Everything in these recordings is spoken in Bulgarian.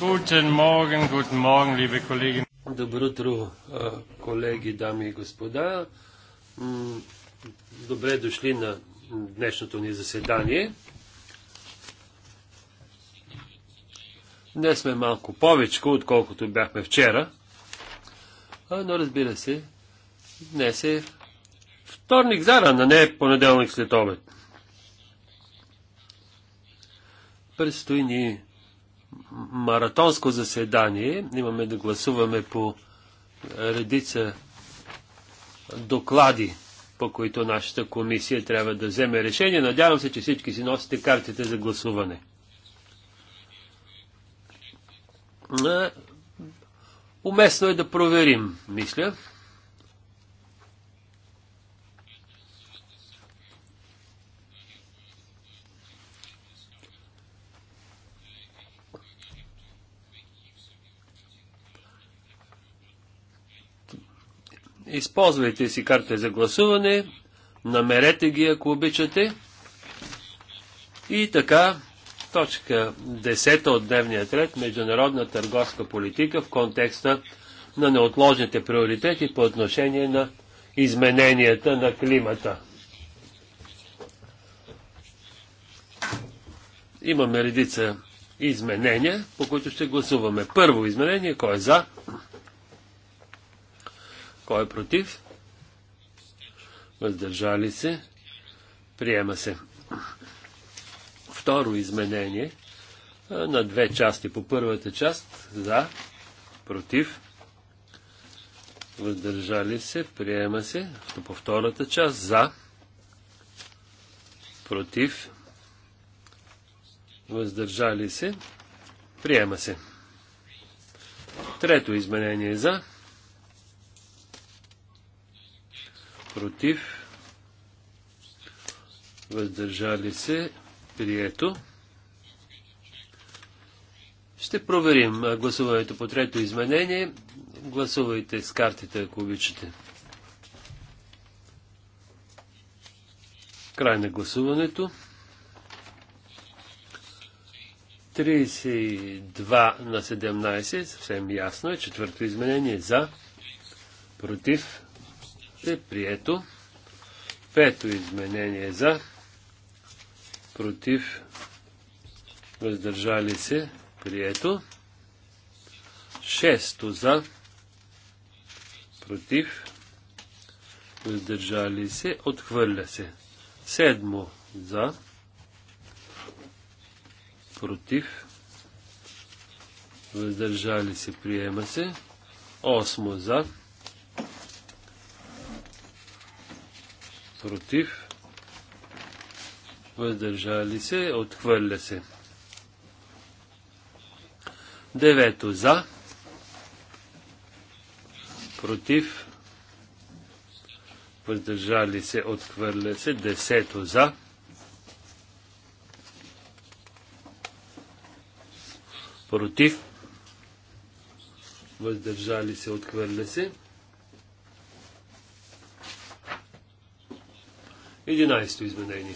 Guten Morgen, guten Morgen, liebe Kolleginnen. Добро утро, колеги, дами и господа. Добре дошли на днешното ни заседание. Днес сме малко повече, отколкото бяхме вчера. Но разбира се, днес е вторник зарана, не е понеделник след обед. Предстои ни маратонско заседание. Имаме да гласуваме по редица доклади, по които нашата комисия трябва да вземе решение. Надявам се, че всички си носите картите за гласуване. Уместно е да проверим, мисля. Използвайте си карта за гласуване, намерете ги, ако обичате. И така, точка 10 от дневния ред, международна търговска политика в контекста на неотложните приоритети по отношение на измененията на климата. Имаме редица изменения, по които ще гласуваме. Първо изменение, кой е за? Кой е против? Въздържали се. Приема се. Второ изменение на две части. По първата част за, против, въздържали се, приема се. По втората част за, против, въздържали се, приема се. Трето изменение за, против, въздържали се, прието. Ще проверим гласуването по трето изменение. Гласувайте с картите, ако обичате. Край на гласуването. 32 на 17, съвсем ясно е, четвърто изменение за, против, е прието. Пето изменение е за, против, въздържали се, прието. Шесто за, против, въздържали се, отхвърля се. Седмо за, против, въздържали се, приема се. Осмо за, против, въздържали се, отхвърля се. Девето за, против, въздържали се, отхвърля се. Десето за, против, въздържали се, отхвърля се. 11 изменение.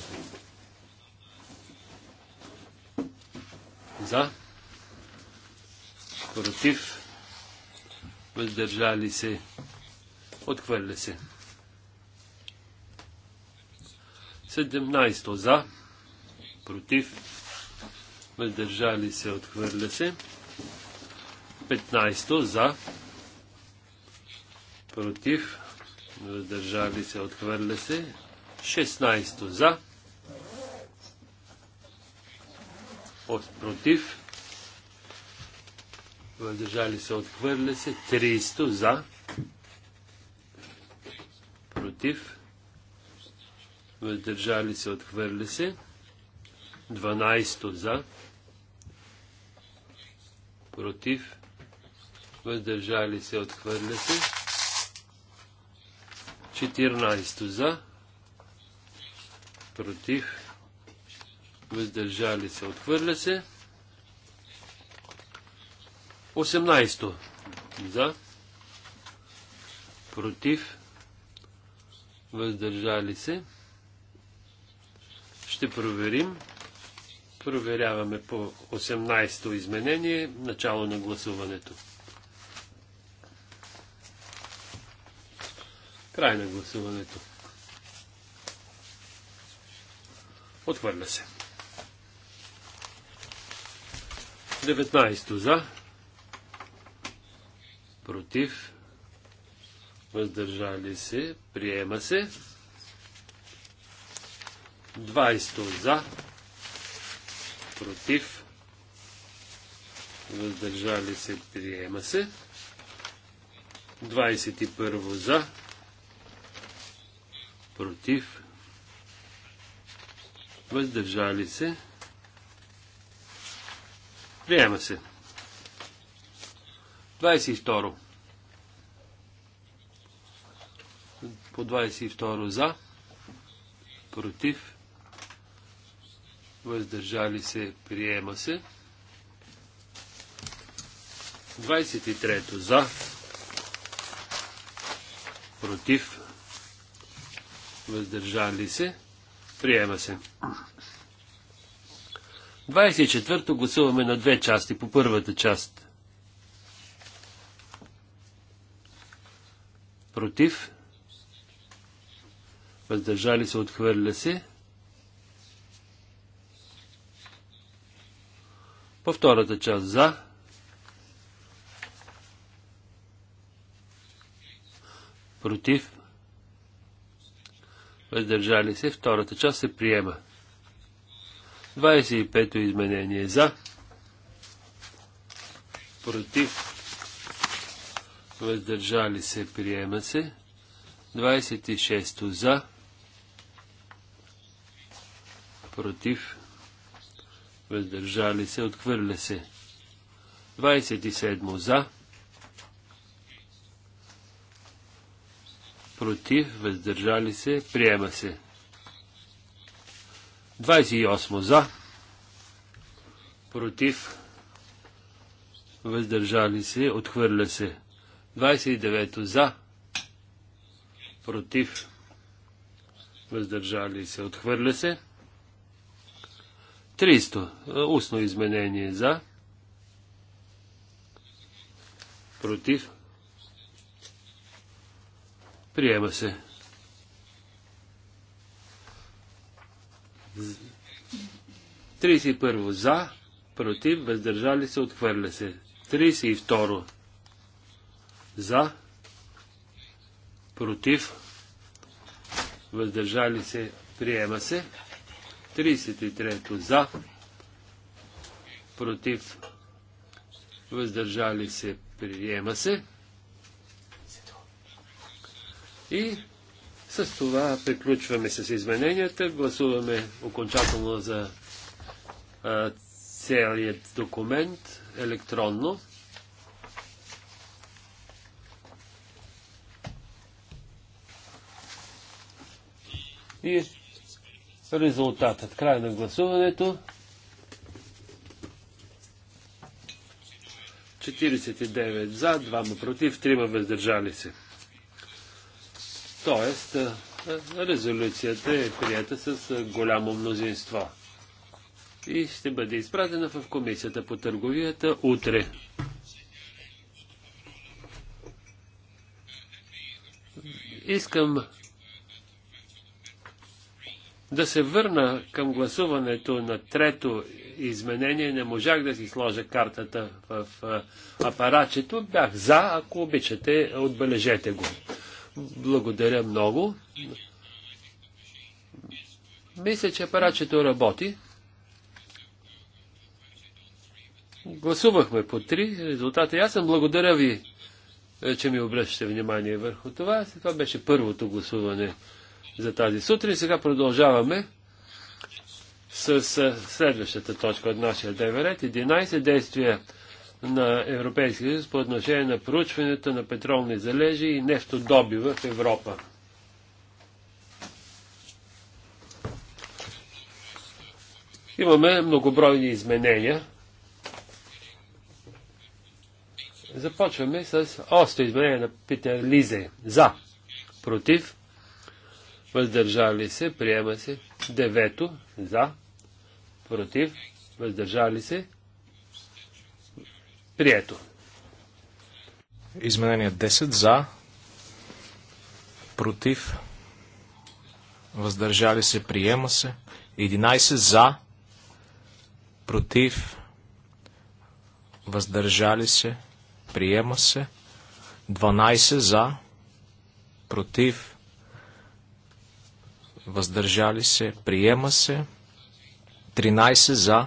За. Против. Въздържали се. Отхвърля се. 17 за, против, въздържали се, отхвърля се. 15 за, против, въздържали се, отхвърля се. 16 за, от против, въздържали се, отхвърля се, 300 за, против, въздържали се, отхвърля се, 12 за, против, въздържали се, отхвърля се, 14 за, против, въздържали се, отхвърля се. 18 за, против, въздържали се. Ще проверим. Проверяваме по 18-то изменение, начало на гласуването. Край на гласуването. Отхвърля се. 19 за. Против. Въздържали се. Приема се. 20 за. Против. Въздържали се. Приема се. 21 за. Против въздържали се, приема се. 22. По 22 за, против, въздържали се, приема се. 23 за, против, въздържали се, Приема се. 24-то гласуваме на две части. По първата част. Против. Въздържали се, отхвърля се. По втората част за. Против въздържали се, втората част се приема. 25-то изменение за, против, въздържали се, приема се. 26-то за, против, въздържали се, отхвърля се. 27 за, против, въздържали се, приема се. 28 за, против, въздържали се, отхвърля се. 29 за, против, въздържали се, отхвърля се. 300. Е, устно изменение за. Против. Приема се. Тридесет първо за, против, въздържали се, отхвърля се. 32 за, против, въздържали се, приема се. 33 за, против, въздържали се, приема се. И с това приключваме с измененията, гласуваме окончателно за а, целият документ електронно. И резултатът, край на гласуването. 49 за, 2 против, 3 въздържали се. Тоест, е, е, резолюцията е прията с е, голямо мнозинство и ще бъде изпратена в комисията по търговията утре. Искам да се върна към гласуването на трето изменение. Не можах да си сложа картата в апаратчето. Бях за, ако обичате, отбележете го. Благодаря много. Мисля, че апаратчето работи. Гласувахме по три резултата. Аз съм благодаря ви, е, че ми обръщате внимание върху това. Това беше първото гласуване за тази сутрин. Сега продължаваме с е, следващата точка от нашия дневен ред. 11 действия на Европейския съюз по отношение на проучването на петролни залежи и нефтодобива в Европа. Имаме многобройни изменения. Започваме с още изменение на Питер Лизе. За. Против. Въздържали се. Приема се. Девето. За. Против. Въздържали се. Прието. Изменение 10 за, против, въздържали се, приема се. 11 за, против, въздържали се, приема се. 12 за, против, въздържали се, приема се. 13 за,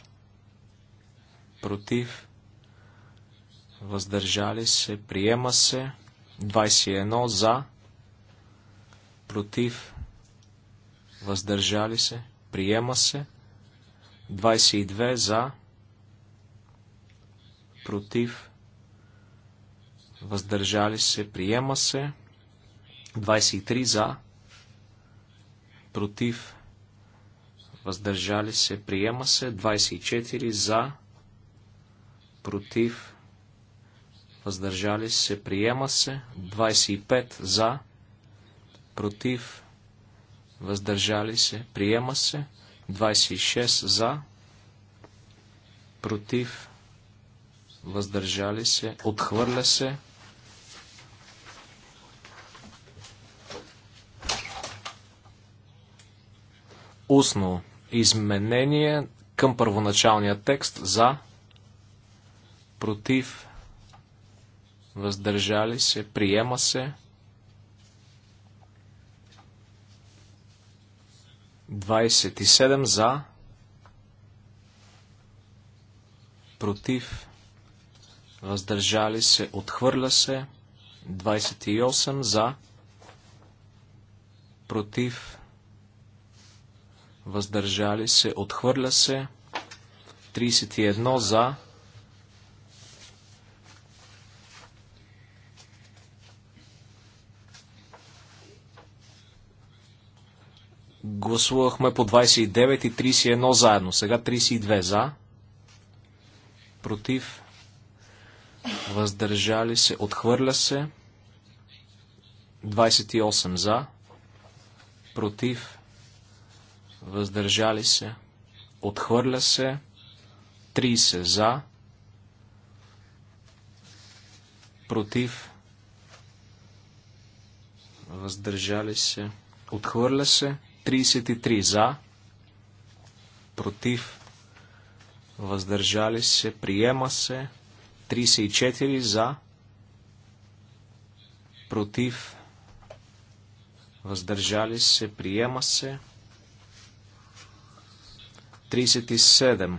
против, въздържали се, приема се, 21 за, против, въздържали се, приема се, 22 за, против, въздържали се, приема се, 23 за, против, въздържали се, приема се, 24 за, против, против, въздържали се, приема се. 25 за, против, въздържали се, приема се. 26 за, против, въздържали се, отхвърля се. Устно изменение към първоначалния текст за против, въздържали се, приема се. 27 за, против, въздържали се, отхвърля се. 28 за, против, въздържали се, отхвърля се. 31 за, против, Гласувахме по 29 и 31 заедно. Сега 32 за. Против. Въздържали се. Отхвърля се. 28 за. Против. Въздържали се. Отхвърля се. 30 за. Против. Въздържали се. Отхвърля се. 33 за, против, въздържали се, приема се. 34 за, против, въздържали се, приема се. 37.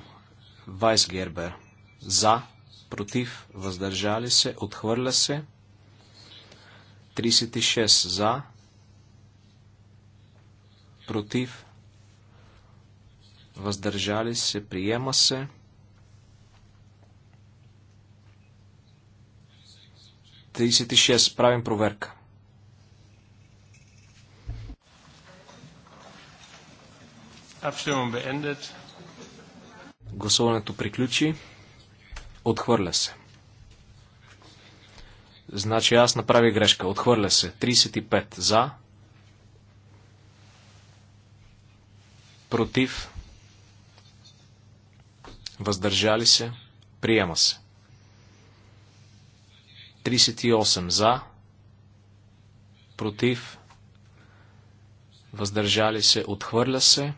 Вайс Гербер. За, против, въздържали се, отхвърля се. 36. За, против, въздържали се, приема се. Тридесет и шест. Правим проверка. Гласуването приключи. Отхвърля се. Значи аз направя грешка. Отхвърля се. 35 за, против, въздържали се, приема се. 38 за, против, въздържали се, отхвърля се.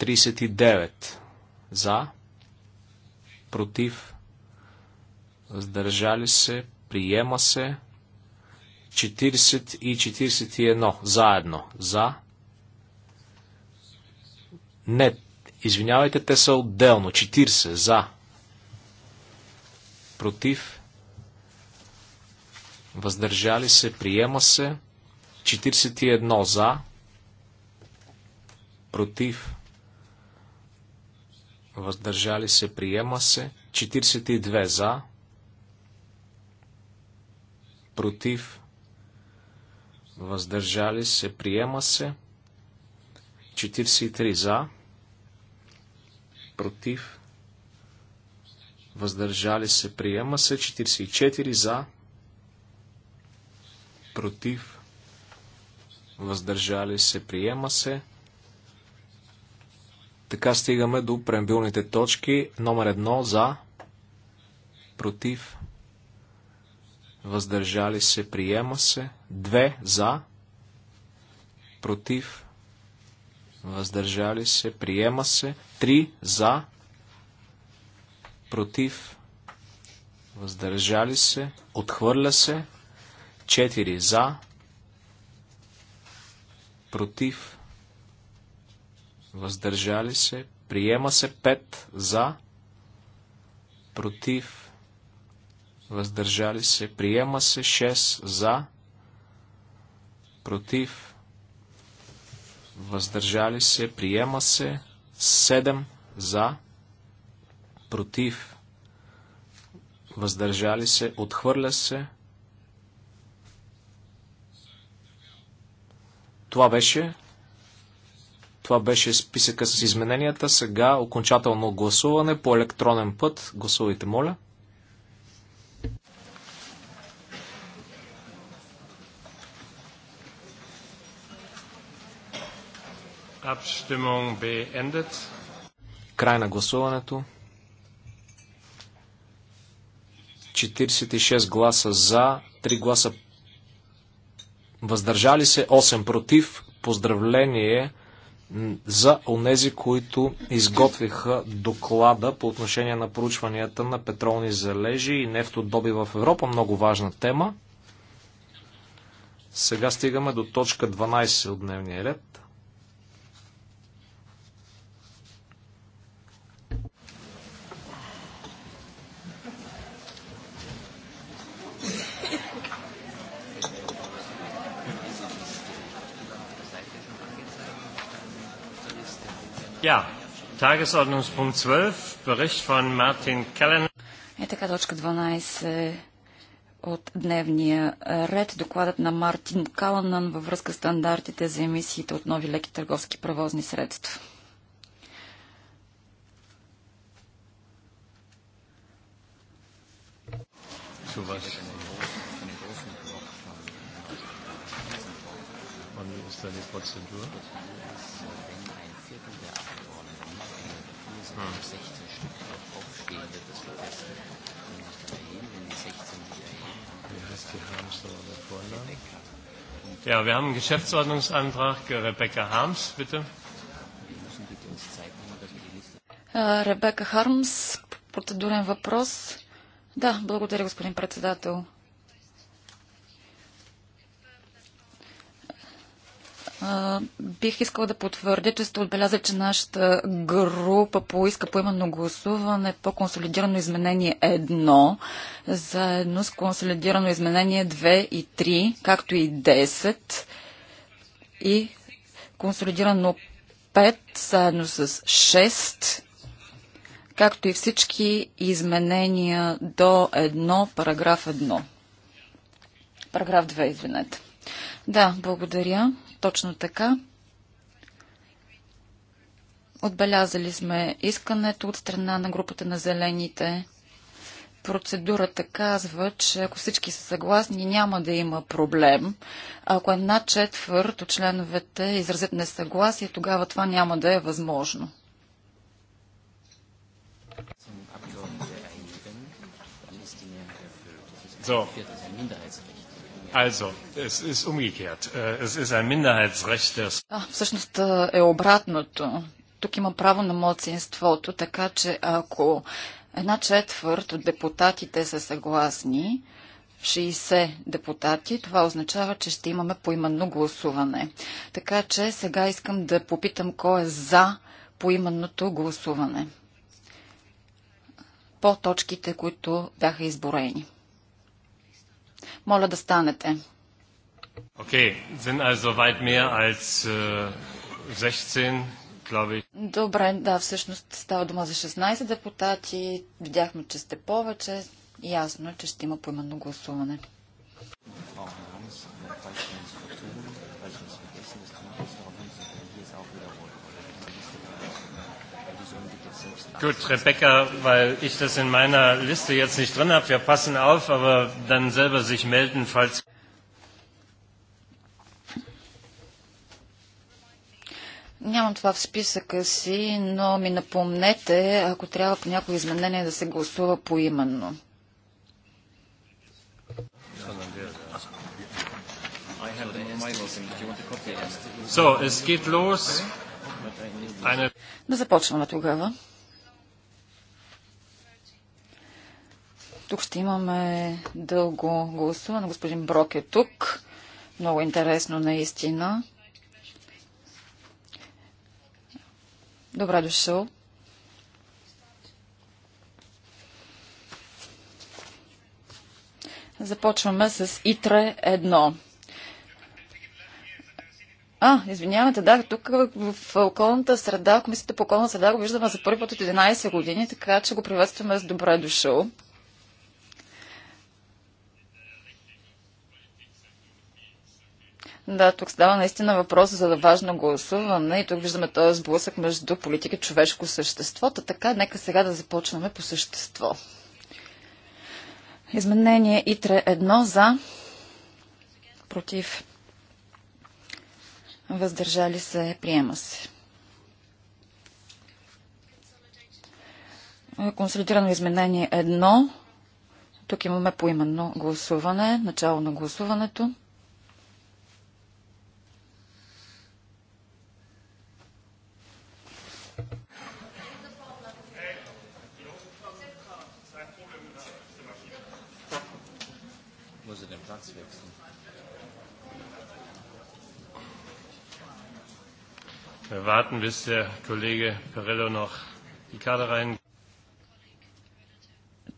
39 за, против, въздържали се, приема се. 40 и 41 заедно. За, не, извинявайте, те са отделно. 40 за. Против. Въздържали се, приема се. 41 за. Против. Въздържали се, приема се. 42 за. Против. Въздържали се, приема се. 43 за против, въздържали се, приема се, 44 за, против, въздържали се, приема се. Така стигаме до преамбилните точки. Номер 1 за, против, въздържали се, приема се. 2 за, против, въздържали се, приема се. 3 за, против, въздържали се, отхвърля се. 4 за, против, въздържали се, приема се. 5 за, против, въздържали се, приема се. 6 за, против, въздържали се, приема се, 7 за, против, въздържали се, отхвърля се. Това беше. Това беше списъка с измененията. Сега окончателно гласуване по електронен път. Гласувайте, моля. Край на гласуването. 46 гласа за, 3 гласа въздържали се, 8 против. Поздравление за онези, които изготвиха доклада по отношение на проучванията на петролни залежи и нефтодоби в Европа. Много важна тема. Сега стигаме до точка 12 от дневния ред. Ja, Tagesordnungspunkt 12, Bericht von Martin Kellen. Е точка 12 от дневния ред. Докладът на Мартин Каланан във връзка с стандартите за емисиите от нови леки търговски превозни средства. sowas. Wann ist da die Prozedur? Ja, wir haben einen Geschäftsordnungsantrag. Rebecca Harms, bitte. Ребека äh, Хармс, процедурен въпрос. Да, благодаря, господин председател. Бих искала да потвърдя, че сте отбеляза, че нашата група поиска поименно гласуване по консолидирано изменение 1, заедно с консолидирано изменение 2 и 3, както и 10 и консолидирано 5, заедно с 6, както и всички изменения до 1, параграф 1. Параграф 2, извинете. Да, благодаря. Точно така. Отбелязали сме искането от страна на групата на зелените. Процедурата казва, че ако всички са съгласни, няма да има проблем. Ако една четвърт от членовете изразят несъгласие, тогава това няма да е възможно. So. Also, es ist umgekehrt. Äh, es ist ein Minderheitsrecht das... А, всъщност е обратното. Тук има право на младсинството, така че ако една четвърт от депутатите са съгласни, 60 депутати, това означава, че ще имаме поименно гласуване. Така че сега искам да попитам кой е за поименното гласуване по точките, които бяха изброени. Моля да станете. Okay, sind also weit mehr als äh, 16, glaube ich. Добре, да, всъщност става дума за 16 депутати. Видяхме, че сте повече. Ясно е, че ще има поименно гласуване. Gut, Rebecca, weil ich das in meiner Liste jetzt nicht drin habe, wir passen auf, aber dann selber sich melden, falls. Нямам това в списъка си, но ми напомнете, ако трябва по някое изменение да се гласува поименно. So, es geht los. Eine... Да започваме тогава. Тук ще имаме дълго гласуване. Господин Брок е тук. Много интересно наистина. Добре дошъл. Започваме с ИТРЕ 1. А, извинявайте, да, тук в околната среда, комисията по околна среда го виждаме за първи път от 11 години, така че го приветстваме с добре дошъл. Да, тук става наистина въпрос за важно гласуване и тук виждаме този сблъсък между политика и човешко същество. Та така, нека сега да започнем по същество. Изменение ИТРЕ едно за против въздържали се, приема се. Консолидирано изменение едно. Тук имаме поименно гласуване, начало на гласуването. Platz wechseln. Wir warten, bis der Kollege Perello noch die Karte rein.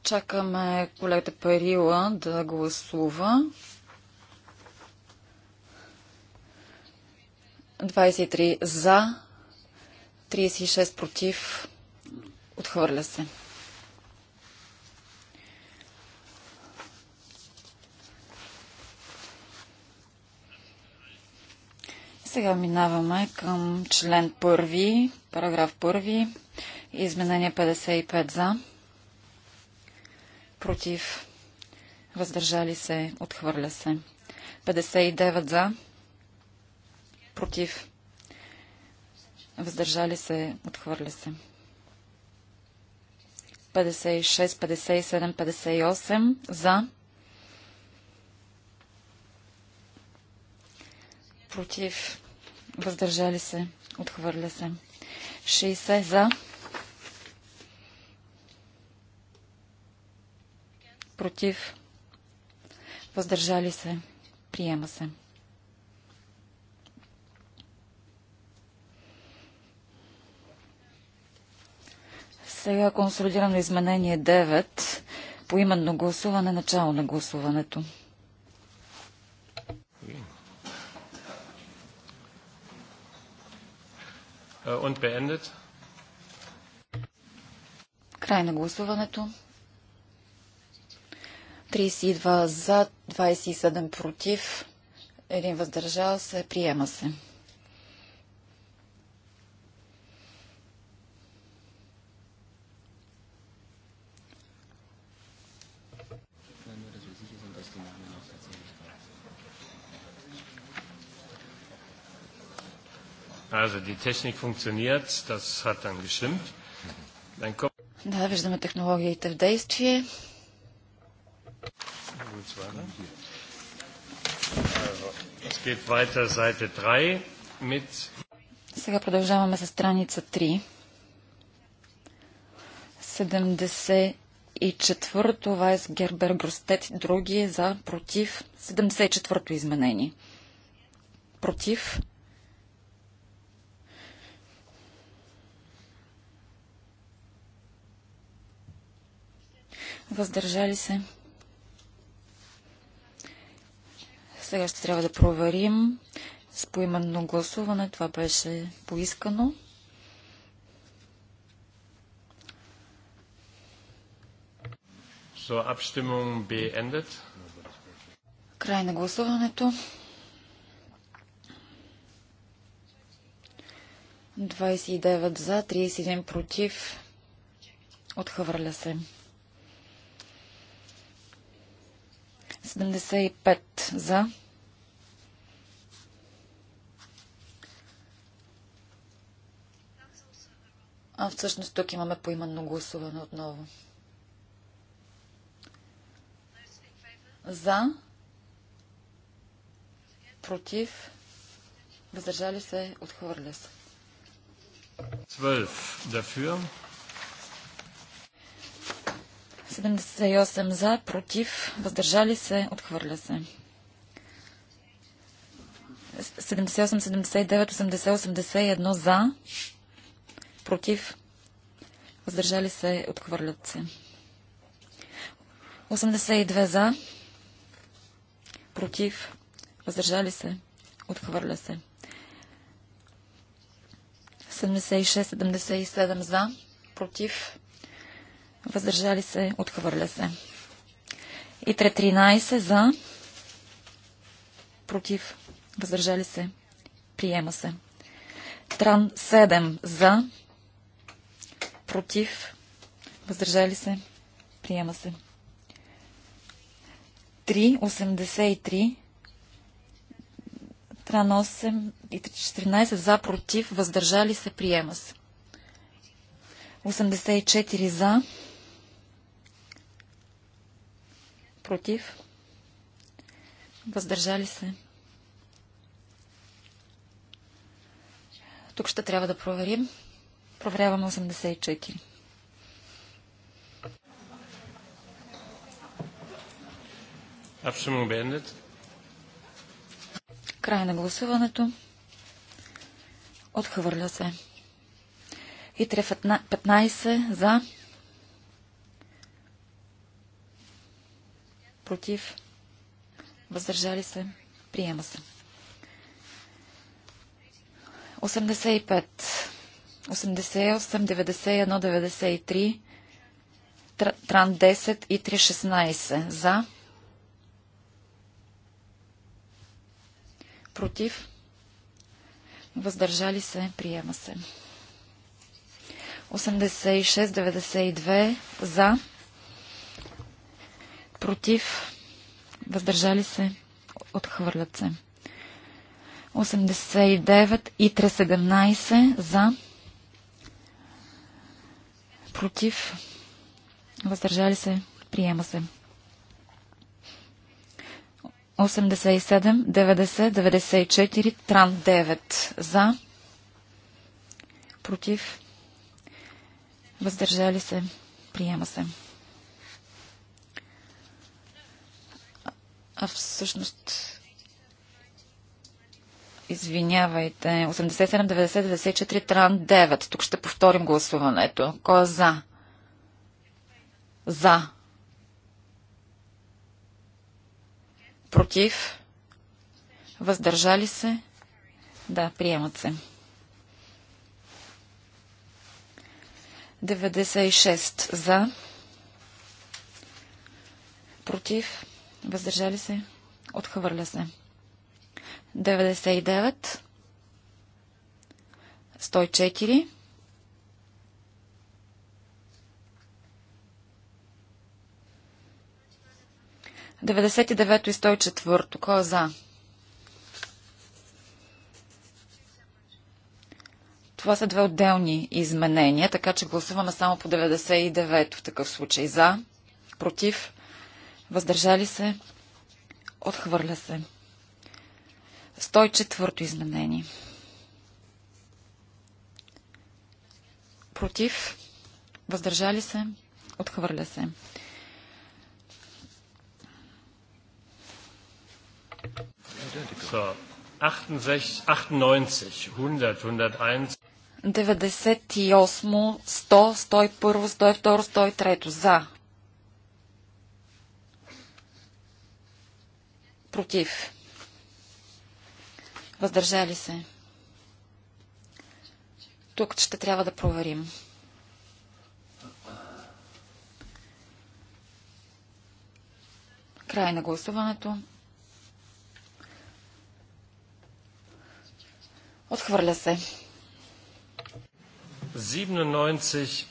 Чакаме колегата Парила да гласува. 23 за, 36 против. Отхвърля се. Сега минаваме към член 1, параграф 1, изменение 55 за, против, въздържали се, отхвърля се. 59 за, против, въздържали се, отхвърля се. 56, 57, 58 за, против, въздържали се, отхвърля се. 60 за, против, въздържали се, приема се. Сега консолидирано изменение 9 по именно гласуване, начало на гласуването. Äh, und beendet. Край на гласуването. 32 за, 27 против, 1 въздържал се, приема се. Also die Technik funktioniert, das hat dann gestimmt. Dann kommt да, виждаме технологиите в действие. Es geht weiter Seite 3 mit сега продължаваме с страница 3. 74-то Вайс Гербер Грустет, други е за, против. 74-то изменение. Против. Въздържали се. Сега ще трябва да проверим с поименно гласуване. Това беше поискано. So, Abstimmung beendet. Край на гласуването. 29 за, 31 против. Отхвърля се. 75 за. А всъщност тук имаме поименно гласуване отново. За. Против. Въздържали се. Отхвърля се. 12 дафюр. 78 за, против, въздържали се, отхвърля се. 78, 79, 80, 81 за, против, въздържали се, отхвърлят се. 82 за, против, въздържали се, отхвърля се. 76, 77 за, против, въздържали се, отхвърля се. И 13 за, против, въздържали се, приема се. Тран 7 за, против, въздържали се, приема се. 3,83, Тран 8 и 14 за, против, въздържали се, приема се. 84 за, против, въздържали се. Тук ще трябва да проверим. Проверяваме 84. Абсолютно Край на гласуването. Отхвърля се. И 3, 15 за против, въздържали се, приема се. 85, 88, 91, 93, Тран 10 и 3, 16 за, против, въздържали се, приема се. 86-92 за, против, въздържали се, отхвърлят се. 89 и 317 за, против, въздържали се, приема се. 87, 90, 94, Тран 9 за, против, въздържали се, приема се. А всъщност, извинявайте, 87, 90, 94, тран 9. Тук ще повторим гласуването. Кой е за? За. Против? Въздържали се? Да, приемат се. 96 за. Против? Въздържали се? Отхвърля се. 99. 104. 99 и 104. Кой е за? Това са две отделни изменения, така че гласуваме само по 99 в такъв случай. За, против, въздържали се, отхвърля се. 104 изменение. Против, въздържали се, отхвърля се. So, 98, 100, 101. 98, 100, 101, 102, 103. За. Против. Въздържали се. Тук ще трябва да проверим. Край на гласуването. Отхвърля се. 97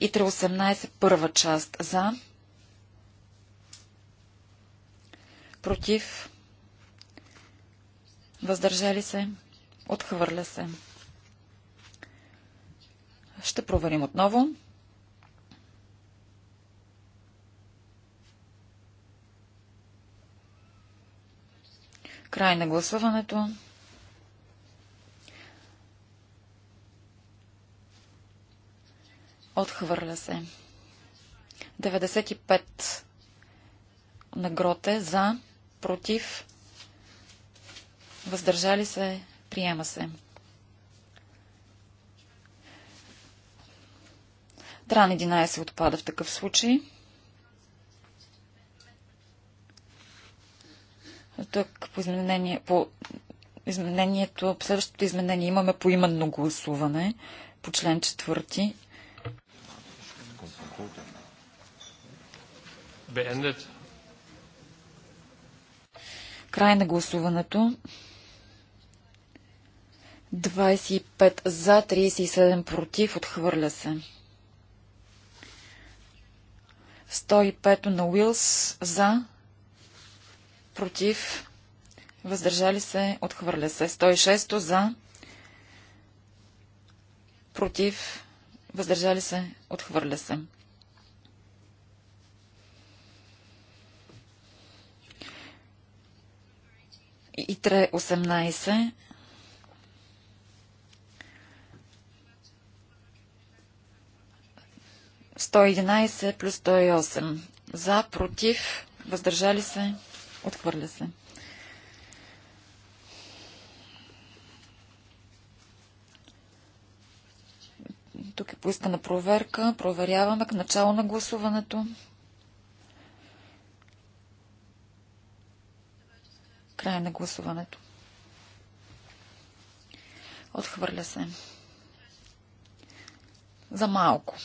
и 3.18 18 първа част за против, въздържали се, отхвърля се. Ще проверим отново. Край на гласуването. Отхвърля се. 95 на Гроте за, против, въздържали се, приема се. Тран 11 отпада в такъв случай. Тук по, изменение, по изменението, следващото изменение имаме по именно гласуване по член 4. Beendet. Край на гласуването. 25 за, 37 против, отхвърля се. 105 на Уилс за, против, въздържали се, отхвърля се. 106 за, против, въздържали се, отхвърля се. ИТРЕ 18 111 плюс 108. За, против, въздържали се, отхвърля се. Тук е поискана проверка. Проверяваме к начало на гласуването. Край на гласуването. Отхвърля се. За малко.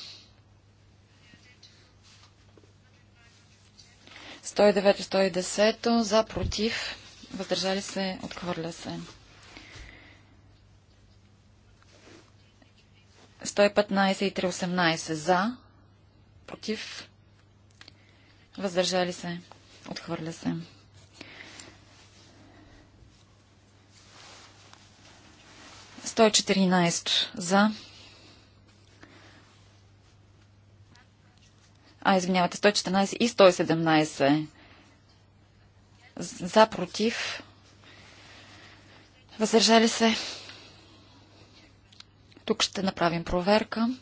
109-110 за против. Въздържали се. Отхвърля се. 115 и 318 за против. Въздържали се. Отхвърля се. 114 за. А, извинявате, 114 и 117 за, против. Въздържали се. Тук ще направим проверка.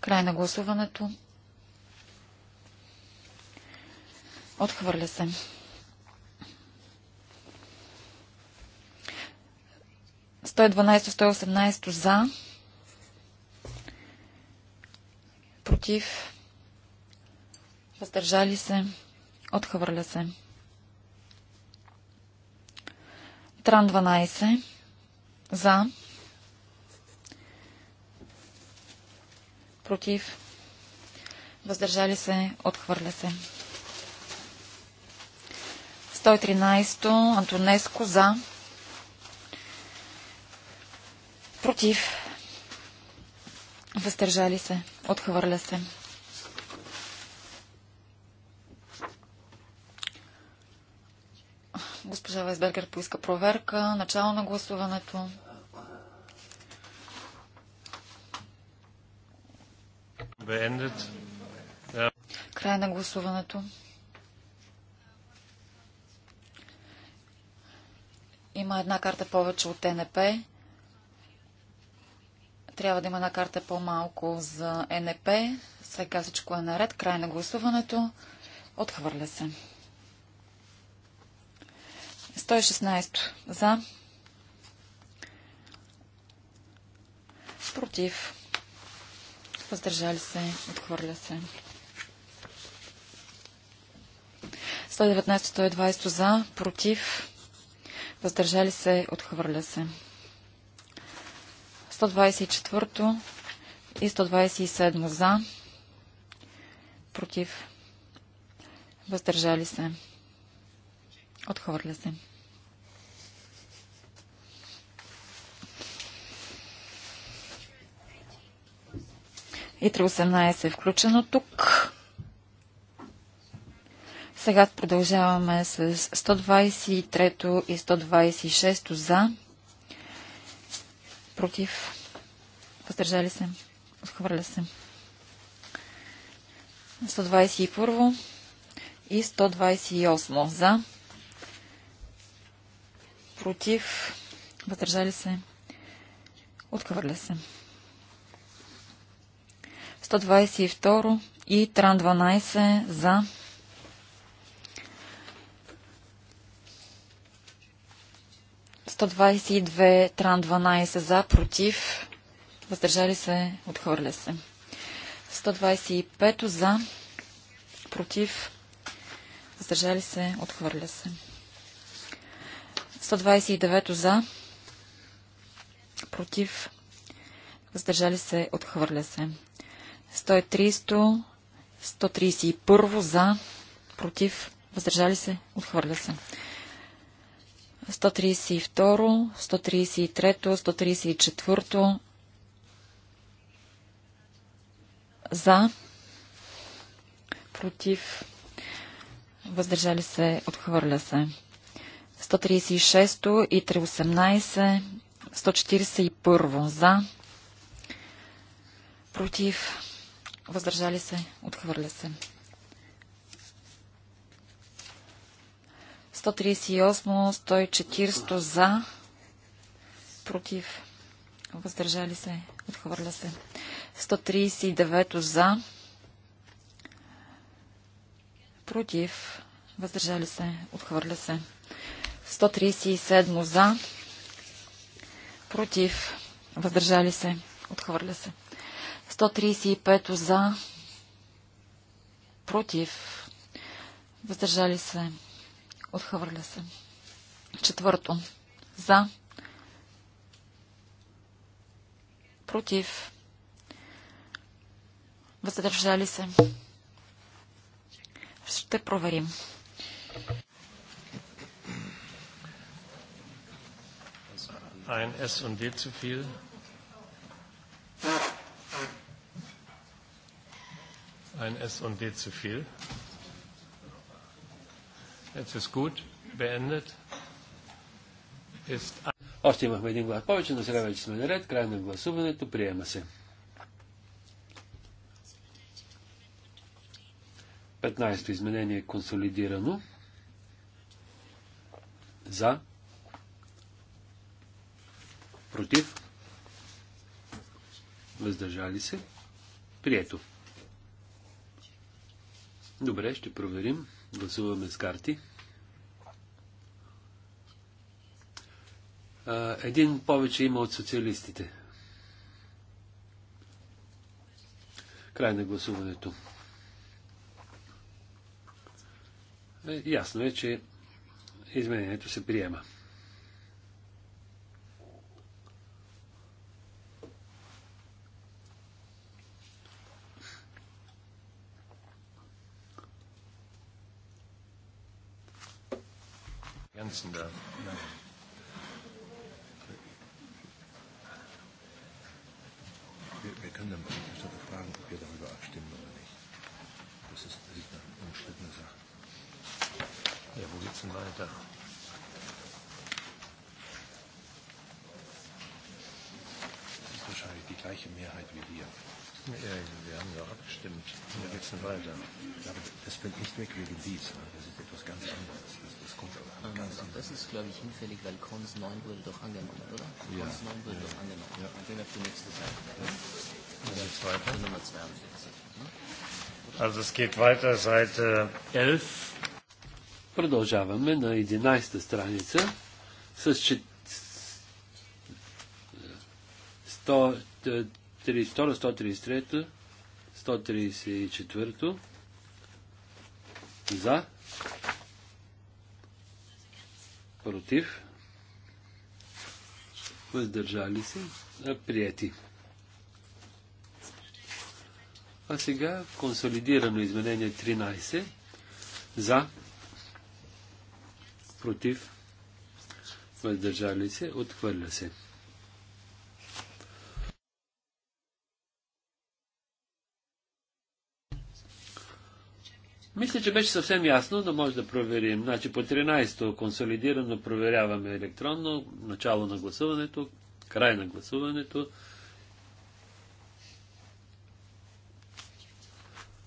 Край на гласуването. Отхвърля се. 112-118 за, против, въздържали се, отхвърля се. Тран 12 за, против, въздържали се, отхвърля се. 113 Антонеско за, Против. Въздържали се. Отхвърля се. Госпожа Вайсбергер поиска проверка. Начало на гласуването. Край на гласуването. Има една карта повече от ТНП. Трябва да има една карта по-малко за НП. Сега всичко е наред. Край на гласуването. Отхвърля се. 116 за. Против. Въздържали се. Отхвърля се. 119-120 за. Против. Въздържали се. Отхвърля се. 124 и 127 за, против, въздържали се, отхвърля се. И 318 е включено тук. Сега продължаваме с 123 и 126 за против, въздържали се, отхвърля се. 121 и 128 за, против, въздържали се, отхвърля се. 122 и Тран 12 за, 122, Тран 12 за, против, въздържали се, отхвърля се. 125 за, против, въздържали се, отхвърля се. 129 за, против, въздържали се, отхвърля се. 130, 131 за, против, въздържали се, отхвърля се. 132, 133, 134 за, против, въздържали се, отхвърля се. 136 и 318, 141 за, против, въздържали се, отхвърля се. 138, 140 за, против, въздържали се, отхвърля се. 139 за, против, въздържали се, отхвърля се. 137 за, против, въздържали се, отхвърля се. 135 за, против, въздържали се, Отхвърля се. Четвърто. За. Против. Въздържали се. Ще проверим. Ein S und D zu viel. Ein S und D zu viel. Jetzt ist gut. Beendet. Ist... Още имахме един глас повече, но сега вече сме наред. Край на гласуването. Приема се. 15-то изменение е консолидирано. За. Против. Въздържали се. Прието. Добре, ще проверим. Гласуваме с карти. Един повече има от социалистите. Край на гласуването. Е, ясно е, че изменението се приема. Vorsitzender. hinfällig, weil Cons 9 wurde doch angenommen, oder? Ja. Cons 9 wurde ja. doch angenommen. Ja. Dann gehen wir auf die nächste Seite. Ja. Die Nummer 42. Also es geht weiter, Seite 11. Продължаваме на 11-та страница с 132-133-134 за против, въздържали се, прияти. А сега консолидирано изменение 13 за, против, въздържали се, отхвърля се. Мисля, че беше съвсем ясно, но може да проверим. Значи по 13-то консолидирано проверяваме електронно, начало на гласуването, край на гласуването.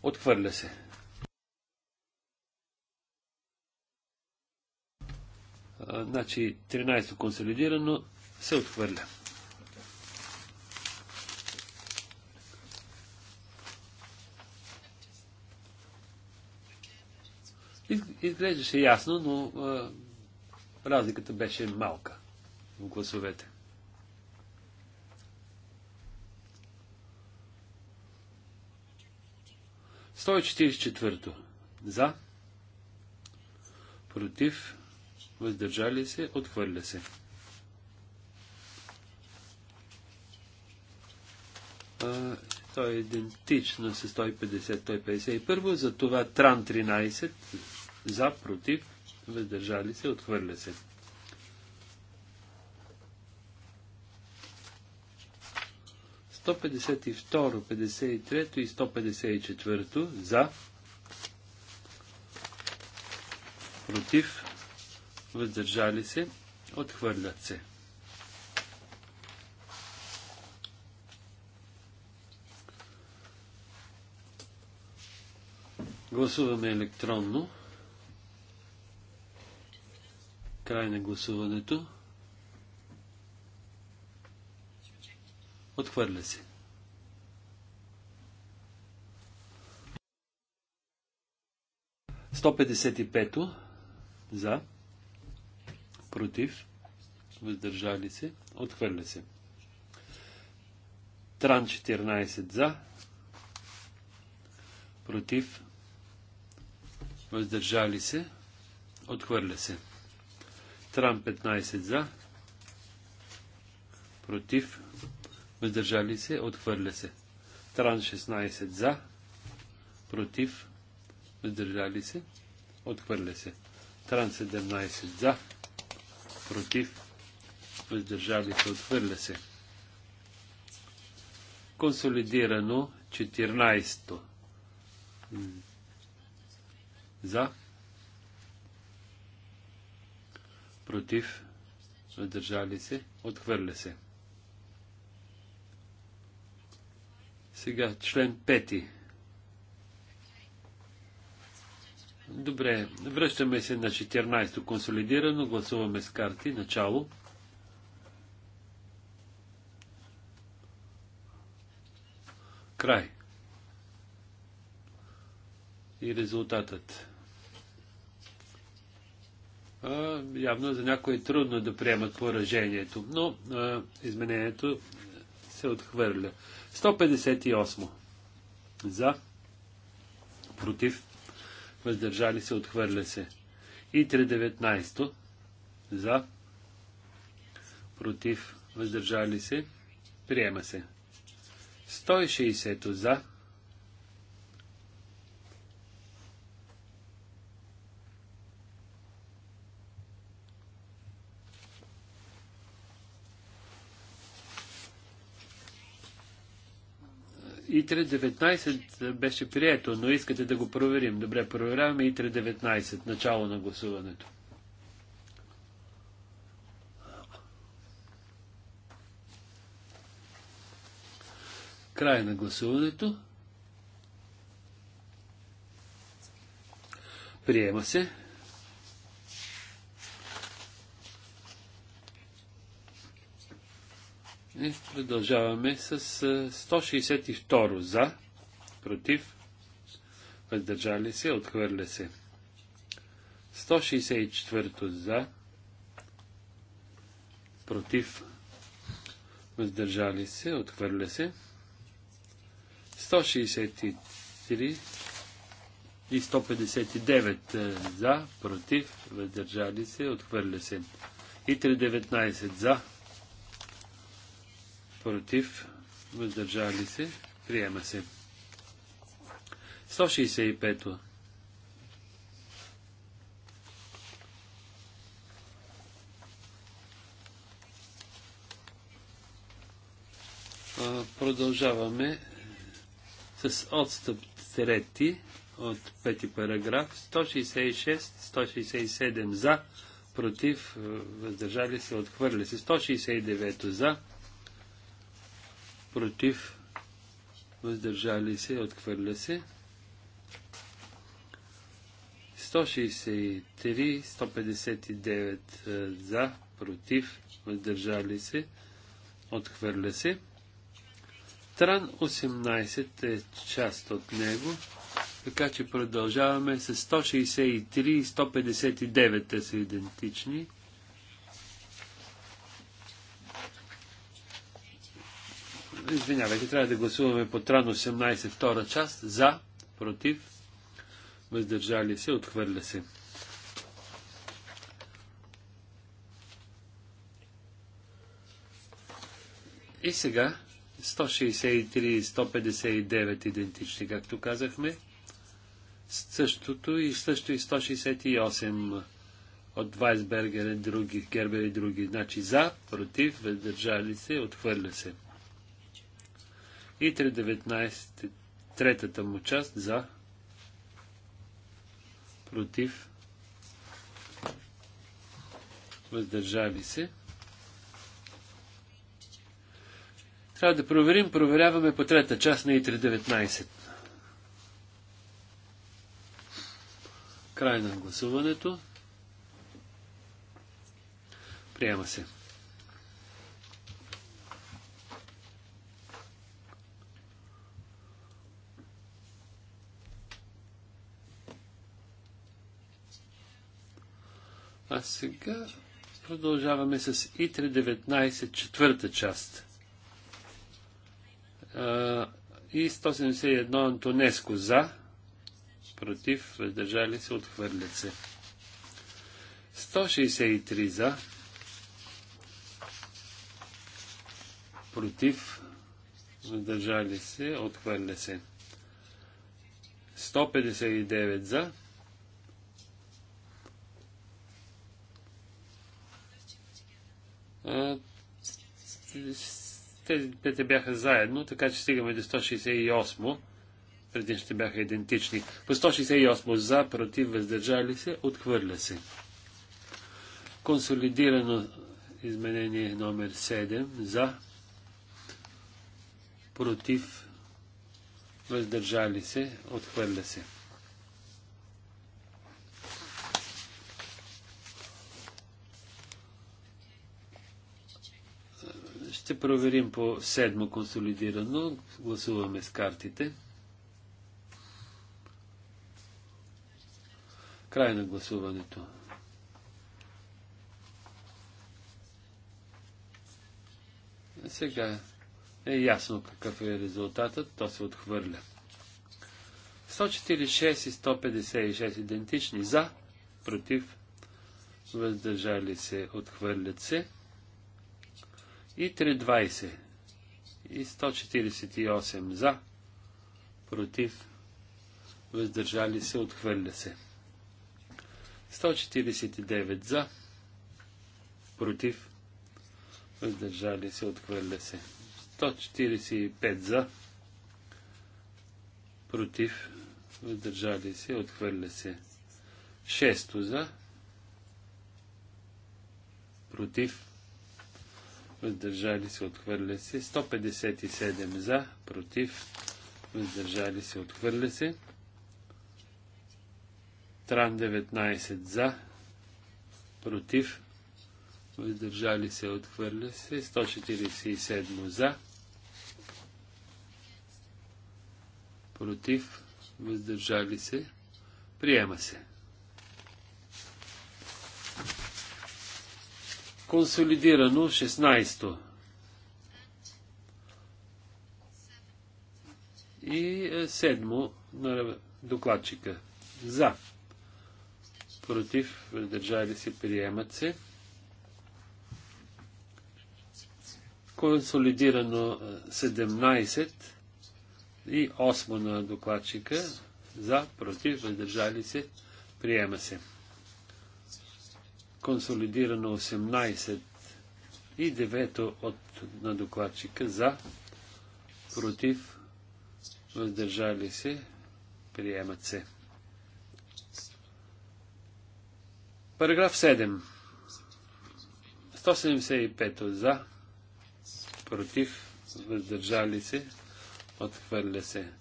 Отхвърля се. Значи 13-то консолидирано се отхвърля. Изглеждаше ясно, но а, разликата беше малка в гласовете. Сто четвърто. За. Против. Въздържали се. Отхвърля се. А, то е идентично с 150-151, за това Тран 13 за, против, въздържали се, отхвърля се. и 53 и 154 за, против, въздържали се, отхвърлят се. Гласуваме електронно. Край на гласуването. Отхвърля се. Сто петдесет пето за, против, въздържали се, отхвърля се. Тран 14 за, против, въздържали се, отхвърля се. Трам 15 за, против, въздържали се, отхвърля се. Тран 16 за, против, въздържали се, отхвърля се. Тран 17 за, против, въздържали се, отхвърля се. Консолидирано 14 за, против, въздържали се, отхвърля се. Сега член 5. Добре, връщаме се на 14-то консолидирано, гласуваме с карти, начало. Край. И резултатът явно за някои е трудно да приемат поражението, но а, изменението се отхвърля. 158. За. Против. Въздържали се. Отхвърля се. И 319. За. Против. Въздържали се. Приема се. 160 за ИТРЕ 19 беше прието, но искате да го проверим. Добре, проверяваме ИТРЕ 19, начало на гласуването. Край на гласуването. Приема се. И продължаваме с 162 за, против, въздържали се, отхвърля се. 164 за, против, въздържали се, отхвърля се. 163 и 159 за, против, въздържали се, отхвърля се. И 319 за, против, въздържали се, приема се. 165-то. Продължаваме с отстъп трети от пети параграф 166, 167 за, против, въздържали се, отхвърли се 169 за, против, въздържали се, отхвърля се. 163, 159 е, за, против, въздържали се, отхвърля се. Тран 18 е част от него, така че продължаваме с 163 и 159, те са идентични. Извинявайте, трябва да гласуваме по трано 18, втора част. За, против, въздържали се, отхвърля се. И сега 163 и 159 идентични, както казахме. Същото и също и 168 от Вайсбергер и други, Гербер и други. Значи за, против, въздържали се, отхвърля се. И 3.19, третата му част за против въздържали се. Трябва да проверим, проверяваме по трета част на И319. Край на гласуването. Приема се. А сега продължаваме с Итри 19, четвърта част. И 171 Антонеско за, против, въздържали се, отхвърлят се. 163 за, против, въздържали се, отхвърля се. 159 за, Е, тези двете бяха заедно, така че стигаме до 168. Предишните бяха идентични. По 168 за, против, въздържали се, отхвърля се. Консолидирано изменение номер 7 за, против, въздържали се, отхвърля се. Ще проверим по седмо консолидирано. Гласуваме с картите. Край на гласуването. Сега е ясно какъв е резултатът. То се отхвърля. 146 и 156 идентични за, против, въздържали се, отхвърлят се. И 320 и 148 за, против, въздържали се, отхвърля се. 149 за, против, въздържали се, отхвърля се. 145 за, против, въздържали се, отхвърля се. 6 за, против, въздържали се, отхвърля се. 157 за, против, въздържали се, отхвърля се. Тран 19 за, против, въздържали се, отхвърля се. 147 за, против, въздържали се, приема се. Консолидирано 16-то. И е, седмо на докладчика. За. Против. Въздържали се. Приемат се. Консолидирано 17 е, и 8 на докладчика. За. Против. Въздържали се. Приема се консолидирано 18 и 9 от, на докладчика за, против, въздържали се, приемат се. Параграф 7. 175 за, против, въздържали се, отхвърля се.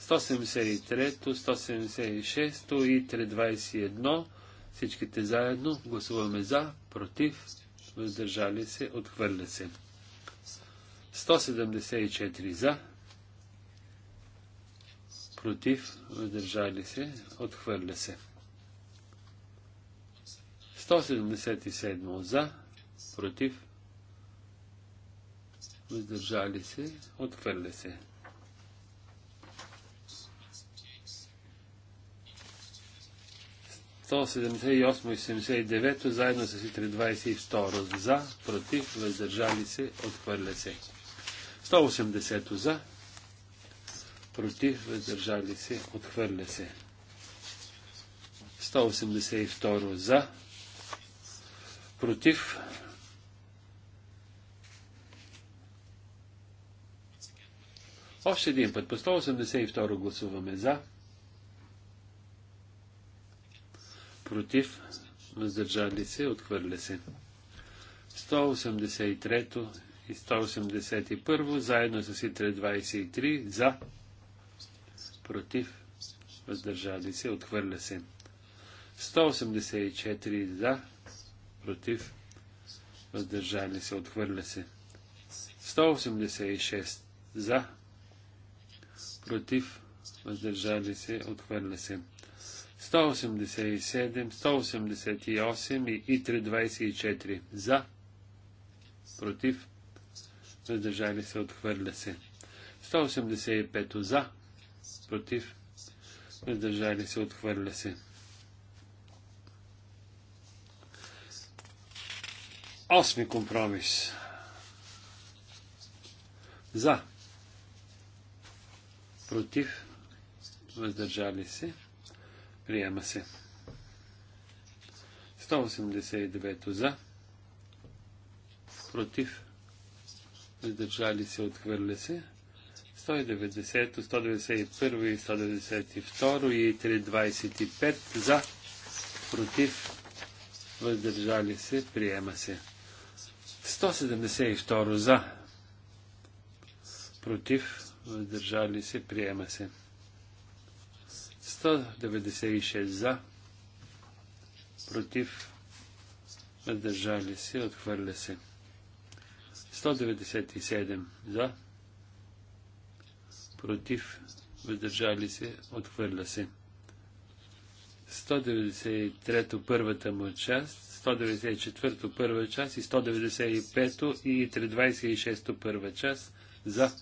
173, 176 и 321 Всичките заедно гласуваме за, против, въздържали се, отхвърля се. 174 за, против, въздържали се, отхвърля се. 177 за, против, въздържали се, отхвърля се. 178 и 79 заедно с 32 за, против, въздържали се, отхвърля се. 180 за, против, въздържали се, отхвърля се. 182 за, против, още един път по 182 гласуваме за, против, въздържали се, отхвърля се. 183 и 181 заедно с ИТРЕ 23 за, против, въздържали се, отхвърля се. 184 за, против, въздържали се, отхвърля се. 186 за, против, въздържали се, отхвърля се. 187, 188 и 324 за, против, въздържали се, отхвърля се. 185 за, против, въздържали се, отхвърля се. 8 компромис. За, против, въздържали се, Приема се. 189 за. Против. Задържали се. Отхвърля се. 190, 191 и 192 и 325 за. Против. Въздържали се. Приема се. 172 за. Против. Въздържали се. Приема се. 196 за, против, въздържали се, отхвърля се. 197 за, против, въздържали се, отхвърля се. 193-то първата му част, 194-то първа част и 195-то и 326-то първа част за,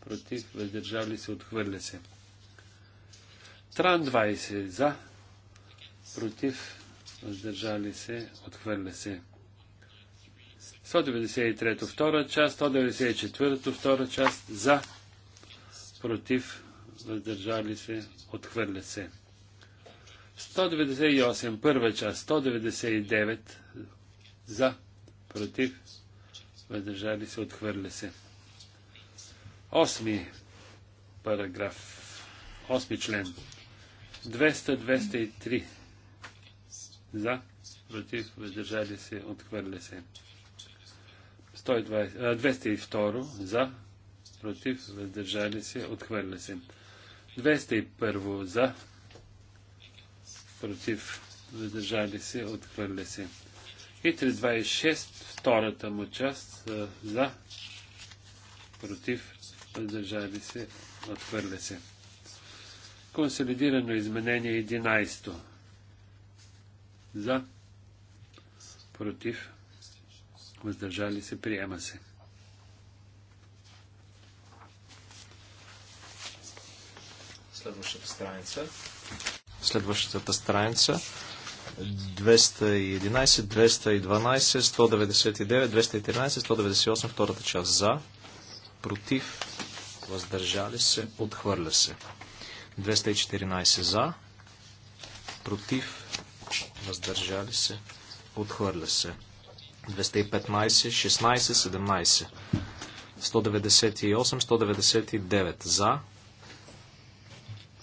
против, въздържали се, отхвърля се. Стран 20 за, против, въздържали се, отхвърля се. 193 втора част, 194 втора част за, против, въздържали се, отхвърля се. 198 първа част, 199 за, против, въздържали се, отхвърля се. Осми параграф, осми член. 203 за, против, въздържали се, отхвърля се. 202 за, против, въздържали се, отхвърля се. 201 за, против, въздържали се, отхвърля се. И 326, втората му част, за, против, въздържали се, отхвърля се. Консолидирано изменение 11. За. Против. Въздържали се. Приема се. Следващата страница. Следващата страница. 211, 212, 199, 213, 198, втората част за, против, въздържали се, отхвърля се. 214 за, против, въздържали се, отхвърля се. 215, 16, 17, 198, 199 за,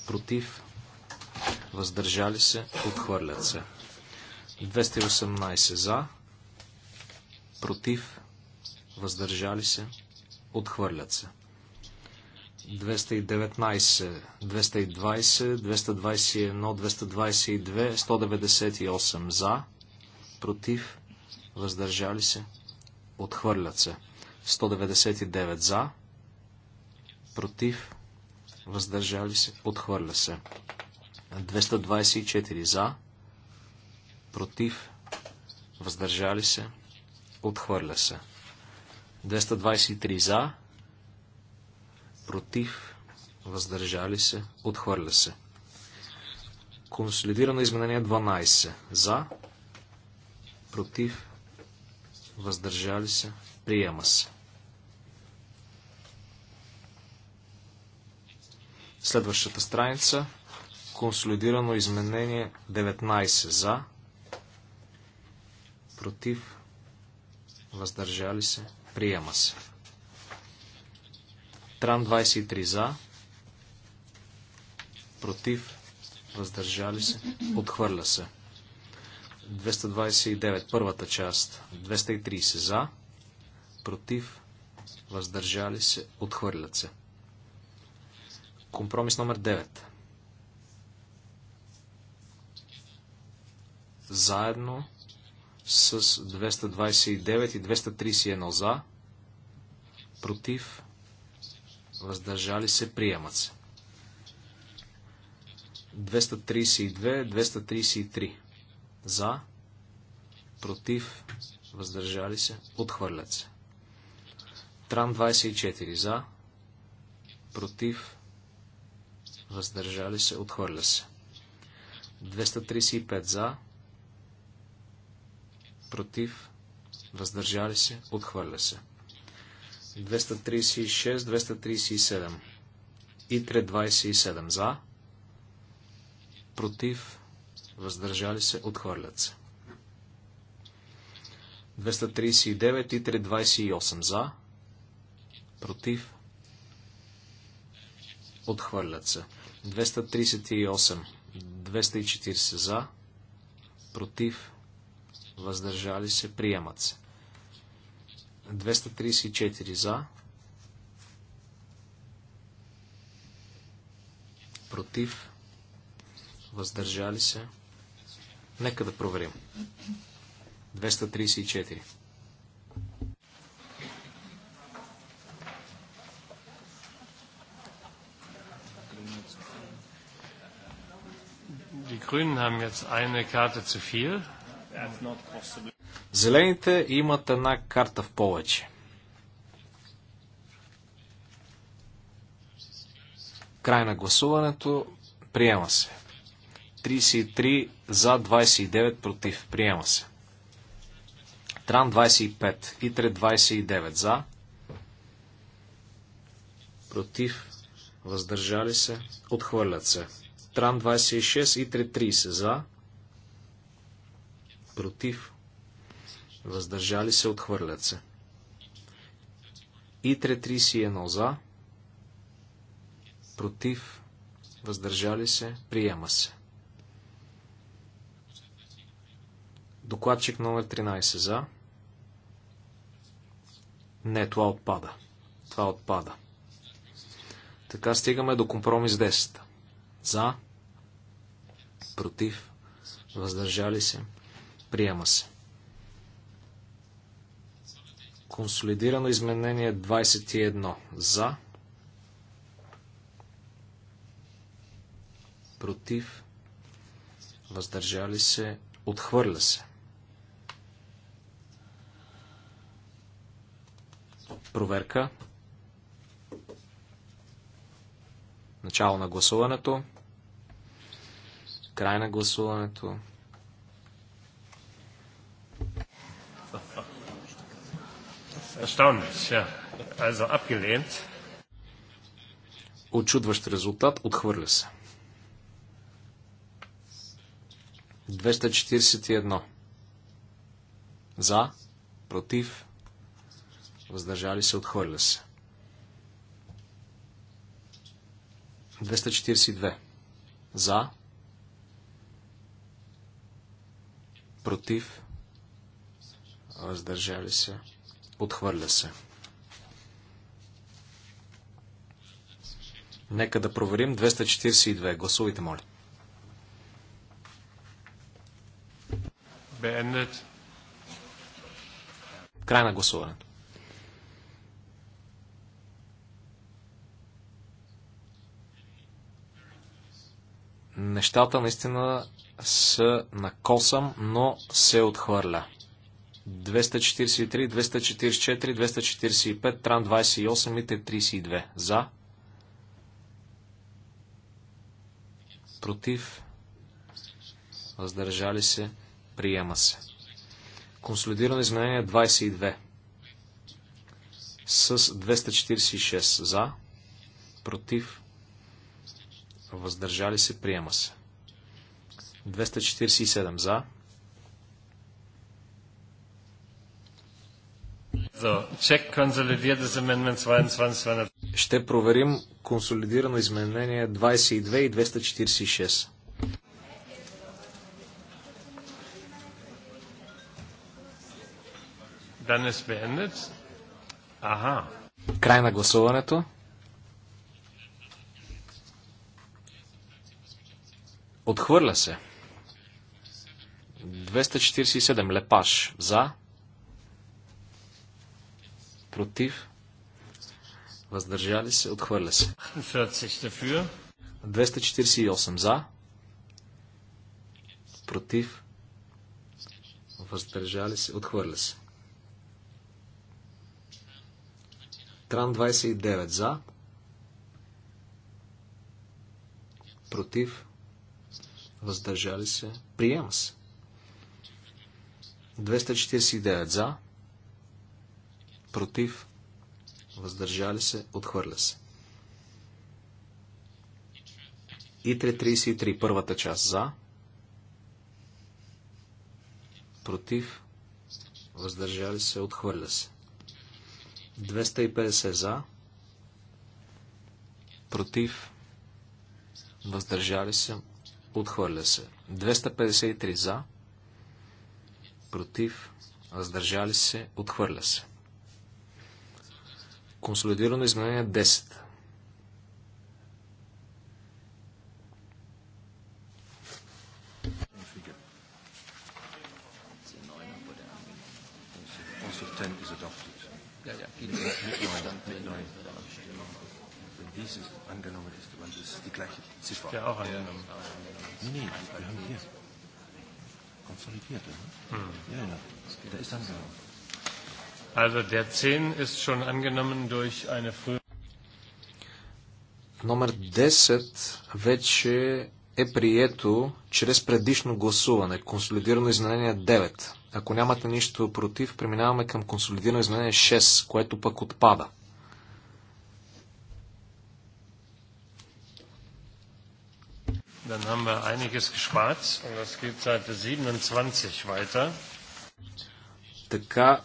против, въздържали се, отхвърлят се. 218 за, против, въздържали се, отхвърлят се. 219, 220, 221, 222, 198 за, против, въздържали се, отхвърлят се. 199 за, против, въздържали се, отхвърля се. 224 за, против, въздържали се, отхвърля се. 223 за, против, въздържали се, отхвърля се. Консолидирано изменение 12. За, против, въздържали се, приема се. Следващата страница. Консолидирано изменение 19 за, против, въздържали се, приема се. Тран 23 за. Против. Въздържали се. Отхвърля се. 229. Първата част. 230 за. Против. Въздържали се. Отхвърлят се. Компромис номер 9. Заедно с 229 и 231 за. Против въздържали се, приемат се. 232, 233 за, против, въздържали се, отхвърлят се. Трам 24 за, против, въздържали се, отхвърля се. 235 за, против, въздържали се, отхвърля се. 236, 237. и 27 за. Против. Въздържали се. Отхвърлят се. 239, Итре 28 за. Против. Отхвърлят се. 238, 240 за. Против. Въздържали се. Приемат се. 234 за. Против. Въздържали се. Нека да проверим. 234. Die Grünen haben jetzt eine Karte zu viel. Зелените имат една карта в повече. Край на гласуването. Приема се. 33 за 29 против. Приема се. Тран 25. Итре 29 за. Против. Въздържали се. Отхвърлят се. Тран 26. Итре 30 за. Против въздържали се, отхвърлят се. И 331 за, против, въздържали се, приема се. Докладчик номер 13 за. Не, това отпада. Това отпада. Така стигаме до компромис 10. За, против, въздържали се, приема се. Консолидирано изменение 21. За. Против. Въздържали се. Отхвърля се. Проверка. Начало на гласуването. Край на гласуването. Erstaunlich, ja. Also abgelehnt. Очудващ резултат, отхвърля се. 241. За, против, въздържали се, отхвърля се. 242. За, против, въздържали се, Отхвърля се. Нека да проверим 242. Гласувайте, моля. Beendet. Край на гласуването. Нещата наистина са на косъм, но се отхвърля. 243, 244, 245, Тран 28 и Т32. За. Против. Въздържали се. Приема се. Консолидирано изменение 22. С 246. За. Против. Въздържали се. Приема се. 247. За Er- Ще проверим консолидирано изменение 22 и 246. Ага. Край на гласуването. Отхвърля се. 247 лепаш за против, въздържали се, отхвърля се. 248 за, против, въздържали се, отхвърля се. Тран 29 за, против, въздържали се, приема се. 249 за, против, въздържали се, отхвърля се. И 333, първата част за, против, въздържали се, отхвърля се. 250 за, против, въздържали се, отхвърля се. 253 за, против, въздържали се, отхвърля се. Консолидирано изменение 10. Dies ist angenommen ist, weil das ist die gleiche Ja, Ja, Da ist angenommen. Also der 10 ist schon angenommen durch eine frühe. Номер 10 вече е прието чрез предишно гласуване. Консолидирано изменение 9. Ако нямате нищо против, преминаваме към консолидирано изменение 6, което пък отпада. Dann haben wir einiges gespart und das geht Seite 27 weiter. Така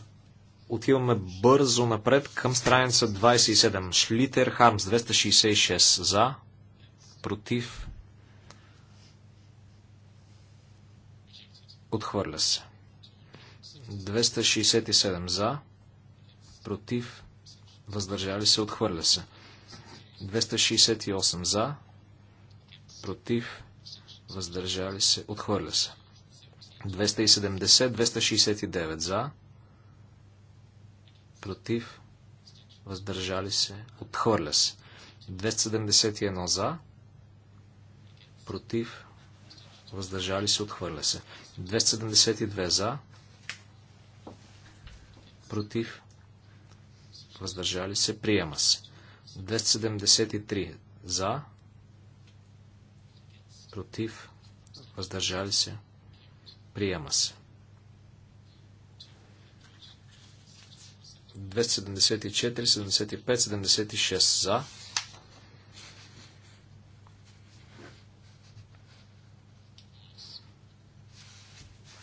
Отиваме бързо напред към страница 27. Шлитер Хармс 266 за, против, отхвърля се. 267 за, против, въздържали се, отхвърля се. 268 за, против, въздържали се, отхвърля се. 270, 269 за, против, въздържали се, отхвърля се. 271 за, против, въздържали се, отхвърля се. 272 за, против, въздържали се, приема се. 273 за, против, въздържали се, приема се. 274, 75, 76 за.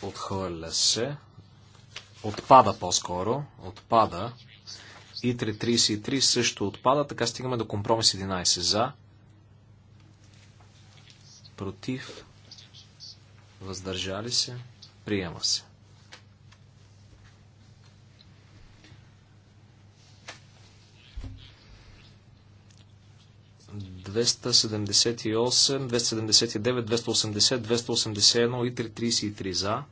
Отхвърля се. Отпада по-скоро. Отпада. И 333 също отпада. Така стигаме до компромис 11 за. Против. Въздържали се. Приема се. 278, 279, 280, 281 и 333 за.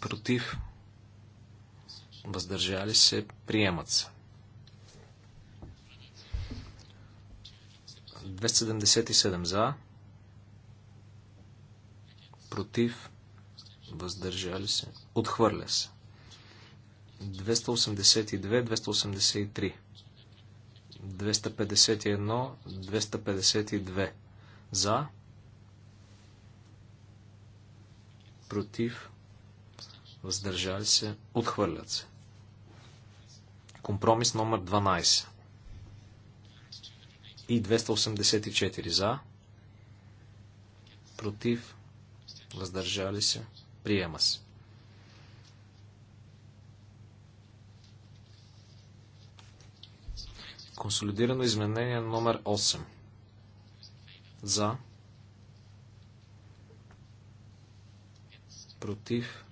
Против. Въздържали се. Приемат се. 277 за. Против. Въздържали се. Отхвърля се. 282, 283. 251, 252. За. Против. Въздържали се. Отхвърлят се. Компромис номер 12. И 284 за. Против. Въздържали се. Приема се. Консолидирано изменение номер 8. За. Против.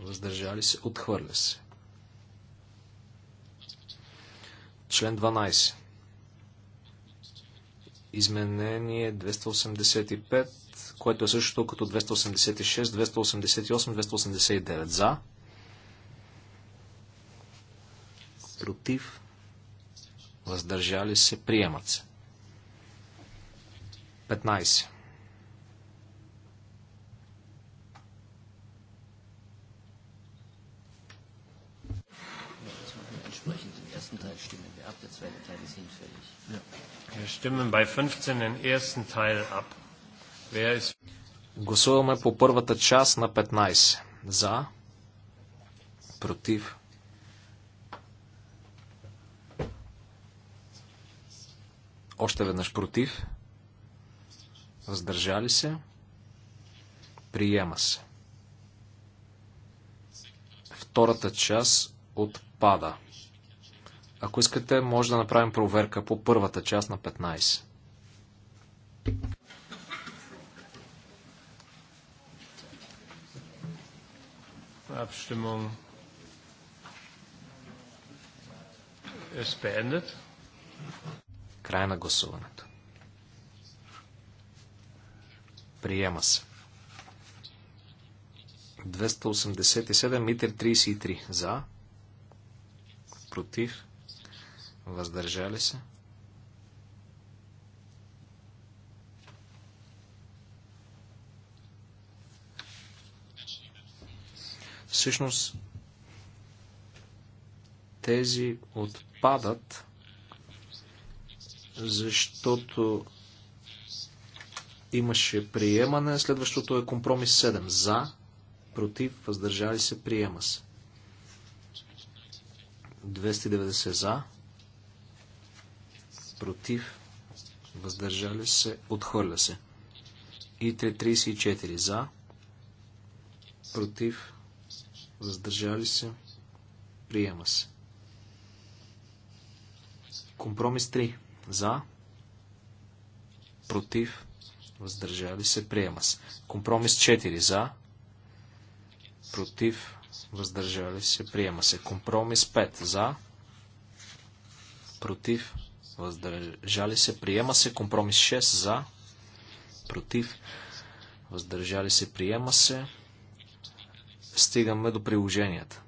Въздържали се. Отхвърля се. Член 12. Изменение 285, което е същото като 286, 288, 289. За. Против въздържали се, приемат се. 15. Гласуваме по първата част на 15. За, против, Още веднъж против. Въздържали се. Приема се. Втората част отпада. Ако искате, може да направим проверка по първата част на 15. Abstimmung ist beendet. Край на гласуването. Приема се. 287 митер 33 за. Против. Въздържали се. Всъщност тези отпадат, защото имаше приемане. Следващото е компромис 7. За, против, въздържали се, приема се. 290 за, против, въздържали се, отхвърля се. И 334 за, против, въздържали се, приема се. Компромис 3. За. Против. Въздържали се. Приема се. Компромис 4. За. Против. Въздържали се. Приема се. Компромис 5. За. Против. Въздържали се. Приема се. Компромис 6. За. Против. Въздържали се. Приема се. Стигаме до приложенията.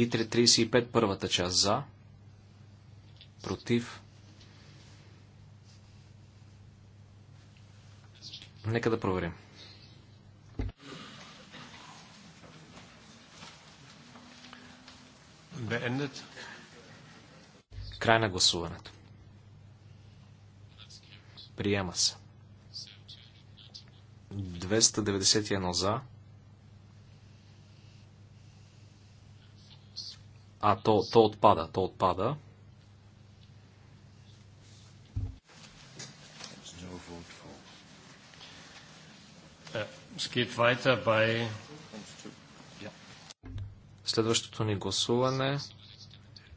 И 35 първата част за, против. Нека да проверим. Beendet. Край на гласуването. Приема се. 291 за. А, то, то отпада, то отпада. Е, Следващото ни гласуване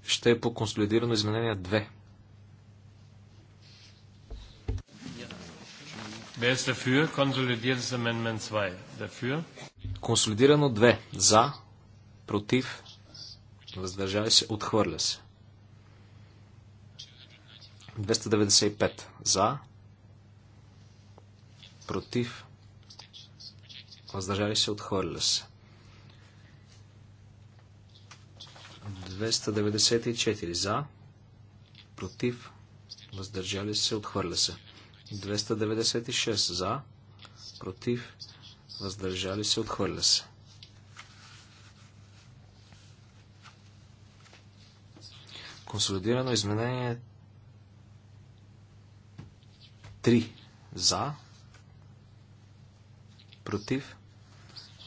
ще е по консолидирано изменение 2. Wer ist dafür? Konsolidiertes 2. Консолидирано 2. За. Против въздържали се, отхвърля се. 295 за, против, въздържали се, отхвърля се. 294 за, против, въздържали се, отхвърля се. 296 за, против, въздържали се, отхвърля се. Консолидирано изменение 3 за, против,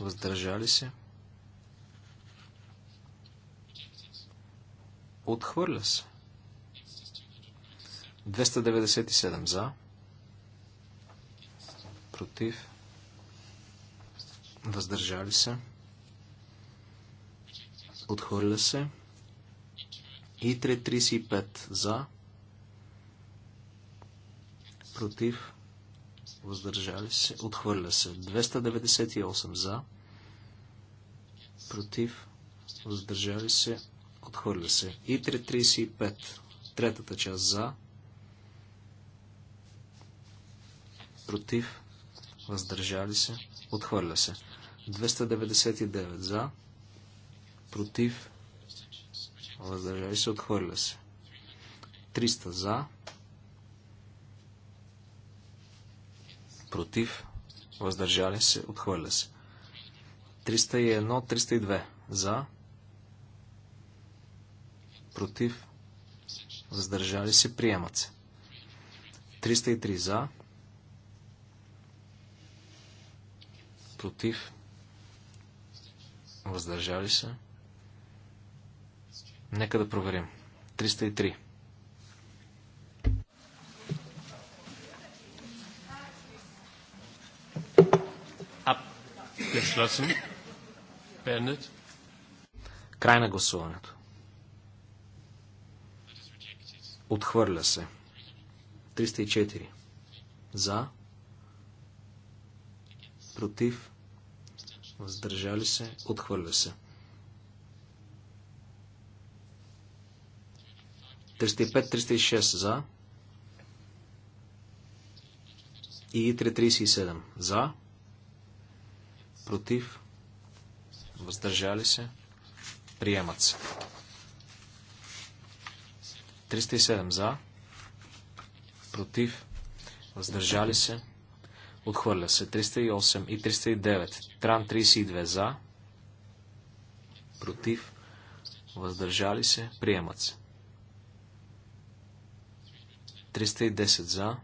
въздържали се, отхвърля се. 297 за, против, въздържали се, отхвърля се. Итре 35 за, против, въздържали се, отхвърля се. 298 за, против, въздържали се, отхвърля се. Итре 35, третата част за, против, въздържали се, отхвърля се. 299 за, против, въздържали се, отхвърля се. 300 за, против, въздържали се, отхвърля се. 301, 302 за, против, въздържали се, приемат се. 303 за, против, въздържали се, Нека да проверим. 303. Край на гласуването. Отхвърля се. 304. За. Против. Въздържали се. Отхвърля се. 305. 305-306 за. И 337 за. Против. Въздържали се. Приемат се. 307 за. Против. Въздържали се. Отхвърля се. 308 и 309. Тран 32 за. Против. Въздържали се. Приемат се. 310 за.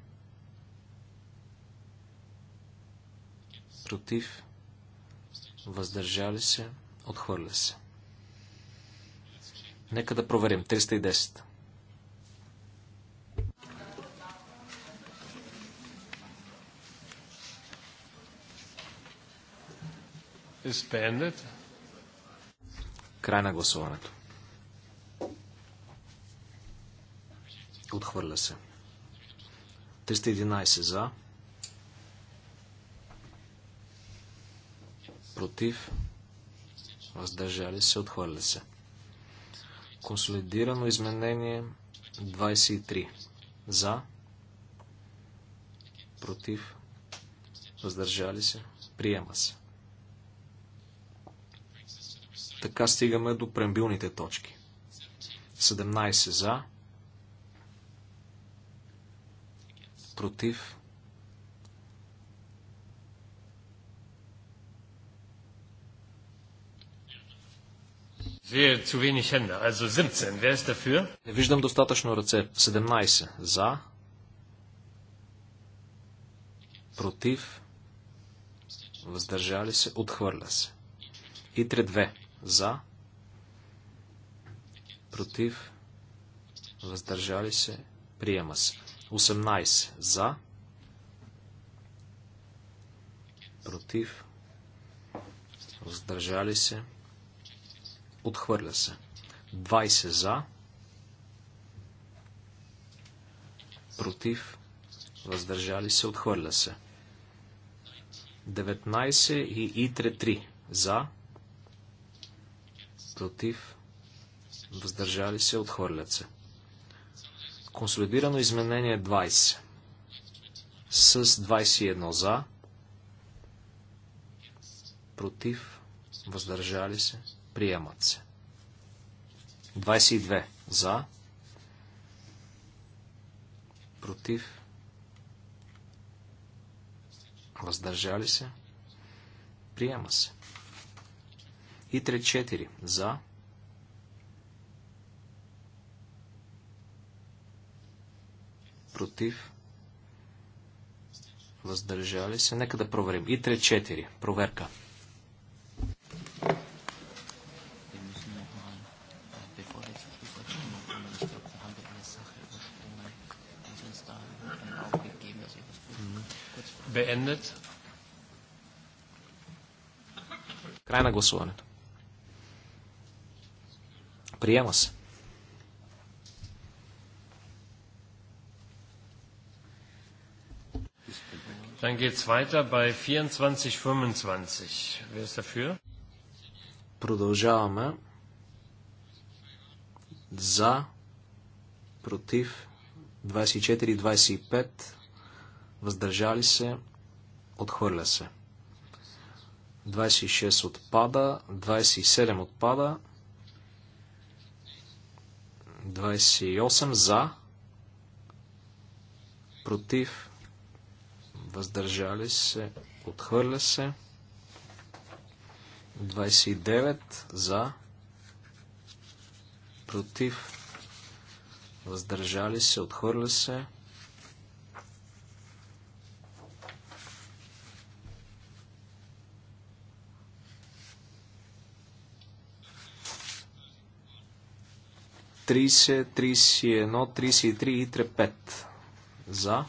Против. Въздържали се. Отхвърля се. Нека да проверим. 310. Край на гласуването. Отхвърля се. 311 за. Против. Въздържали се. Отхвърля се. Консолидирано изменение 23. За. Против. Въздържали се. Приема се. Така стигаме до прембилните точки. 17 за. против, Не виждам достатъчно ръце. 17 за, против, въздържали се, отхвърля се. И 3-2 за, против, въздържали се, приема се. 18 за, против, въздържали се, отхвърля се. 20 за, против, въздържали се, отхвърля се. 19 и ИТРЕ 3 за, против, въздържали се, отхвърлят се. Консолидирано изменение 20 с 21 за, против, въздържали се, приемат се. 22 за, против, въздържали се, приема се. И 3-4 за, против, против, въздържали се. Нека да проверим. И 3-4. Проверка. beendet. Край на гласуването. Приема се. Dann geht es weiter bei 24.25. Wer ist dafür? Продължаваме. За, против, 24 25, въздържали се, отхвърля се. 26 отпада, 27 отпада, 28 за, против, въздържали се, отхвърля се. 29 за, против, въздържали се, отхвърля се. 30, 31, 33, едно, и три и трепет. За,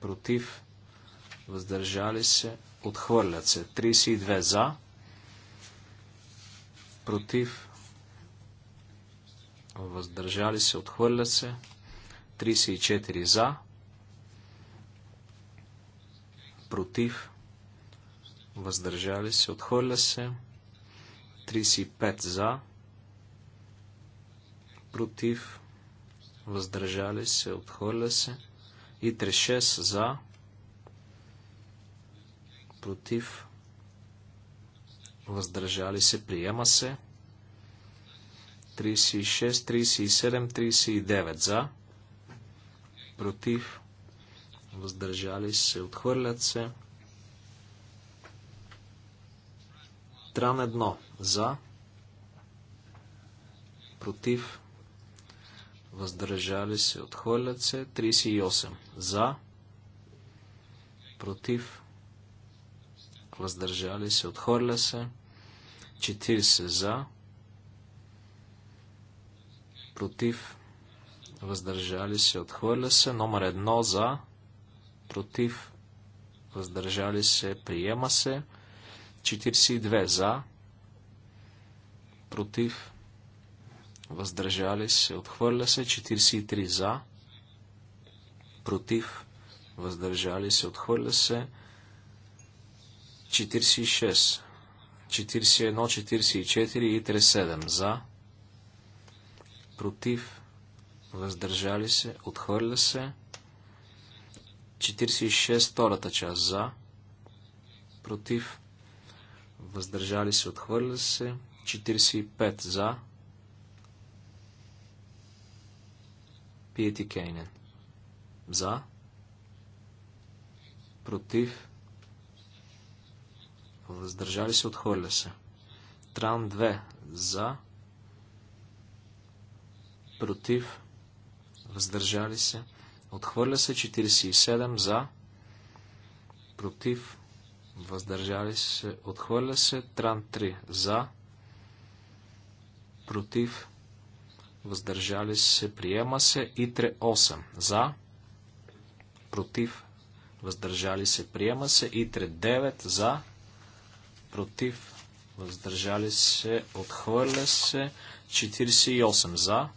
против, въздържали се, отхвърлят се. 32 за, против, въздържали се, отхвърлят се. 34 за, против, въздържали се, отхвърля се. 35 за, против, въздържали се, отхвърля се. И 36 за, против, въздържали се, приема се. 36, 37, 39 за, против, въздържали се, отхвърлят се. Тран 1 за, против, въздържали се, отхвърлят се. 38 за, против, въздържали се, отхвърля се. 40 за, против, въздържали се, отхвърля се. Номер 1 за, против, въздържали се, приема се. 42 за, против, въздържали се, отхвърля се. 43 за, против, въздържали се, отхвърля се. 46, 41, 44 и 37 за, против, въздържали се, отхвърля се. 46, втората част за, против, въздържали се, отхвърля се. 45 за, Пиети Кейнен. За, против, въздържали се, отхвърля се. Тран 2 за, против, въздържали се, отхвърля се 47 за, против, въздържали се, отхвърля се, тран 3 за, против, въздържали се, приема се, итре 8 за, против, въздържали се, приема се, итре 9 за, против, въздържали се, отхвърля се, 48 за,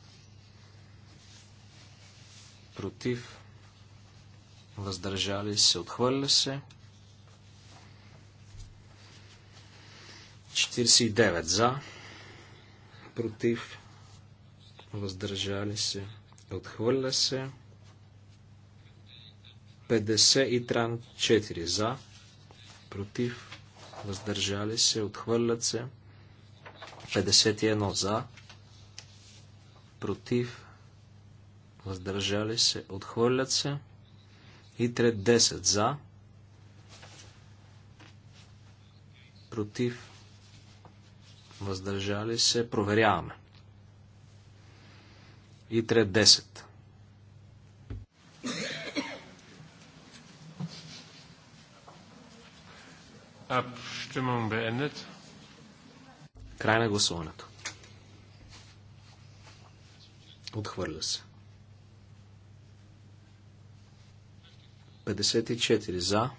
против, въздържали се, отхвърля се, 49 за, против, въздържали се, отхвърля се, 50 и тран 4 за, против, въздържали се, отхвърлят се. 51 за, против, въздържали се, отхвърлят се. И трет 10 за, против, въздържали се, проверяваме. И трет 10. Up beendet. Край на гласуването. Отхвърля се. 54 за.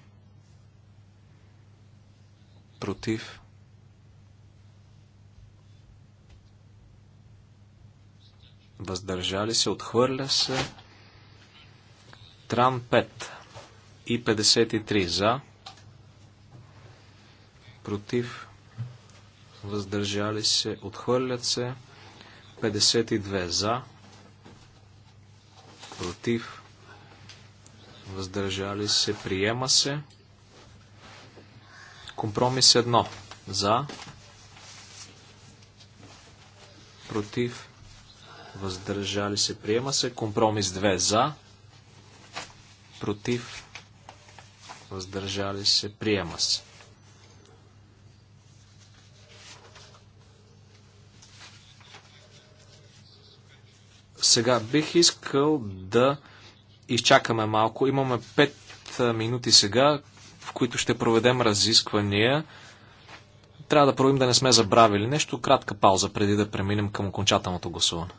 Против. Въздържали се. Отхвърля се. Тран 5 и 53 за против, въздържали се, отхвърлят се. 52 за, против, въздържали се, приема се. Компромис 1 за, против, въздържали се, приема се. Компромис 2 за, против, въздържали се, приема се. Сега бих искал да изчакаме малко. Имаме 5 минути сега, в които ще проведем разисквания. Трябва да проведем да не сме забравили нещо. Кратка пауза преди да преминем към окончателното гласуване.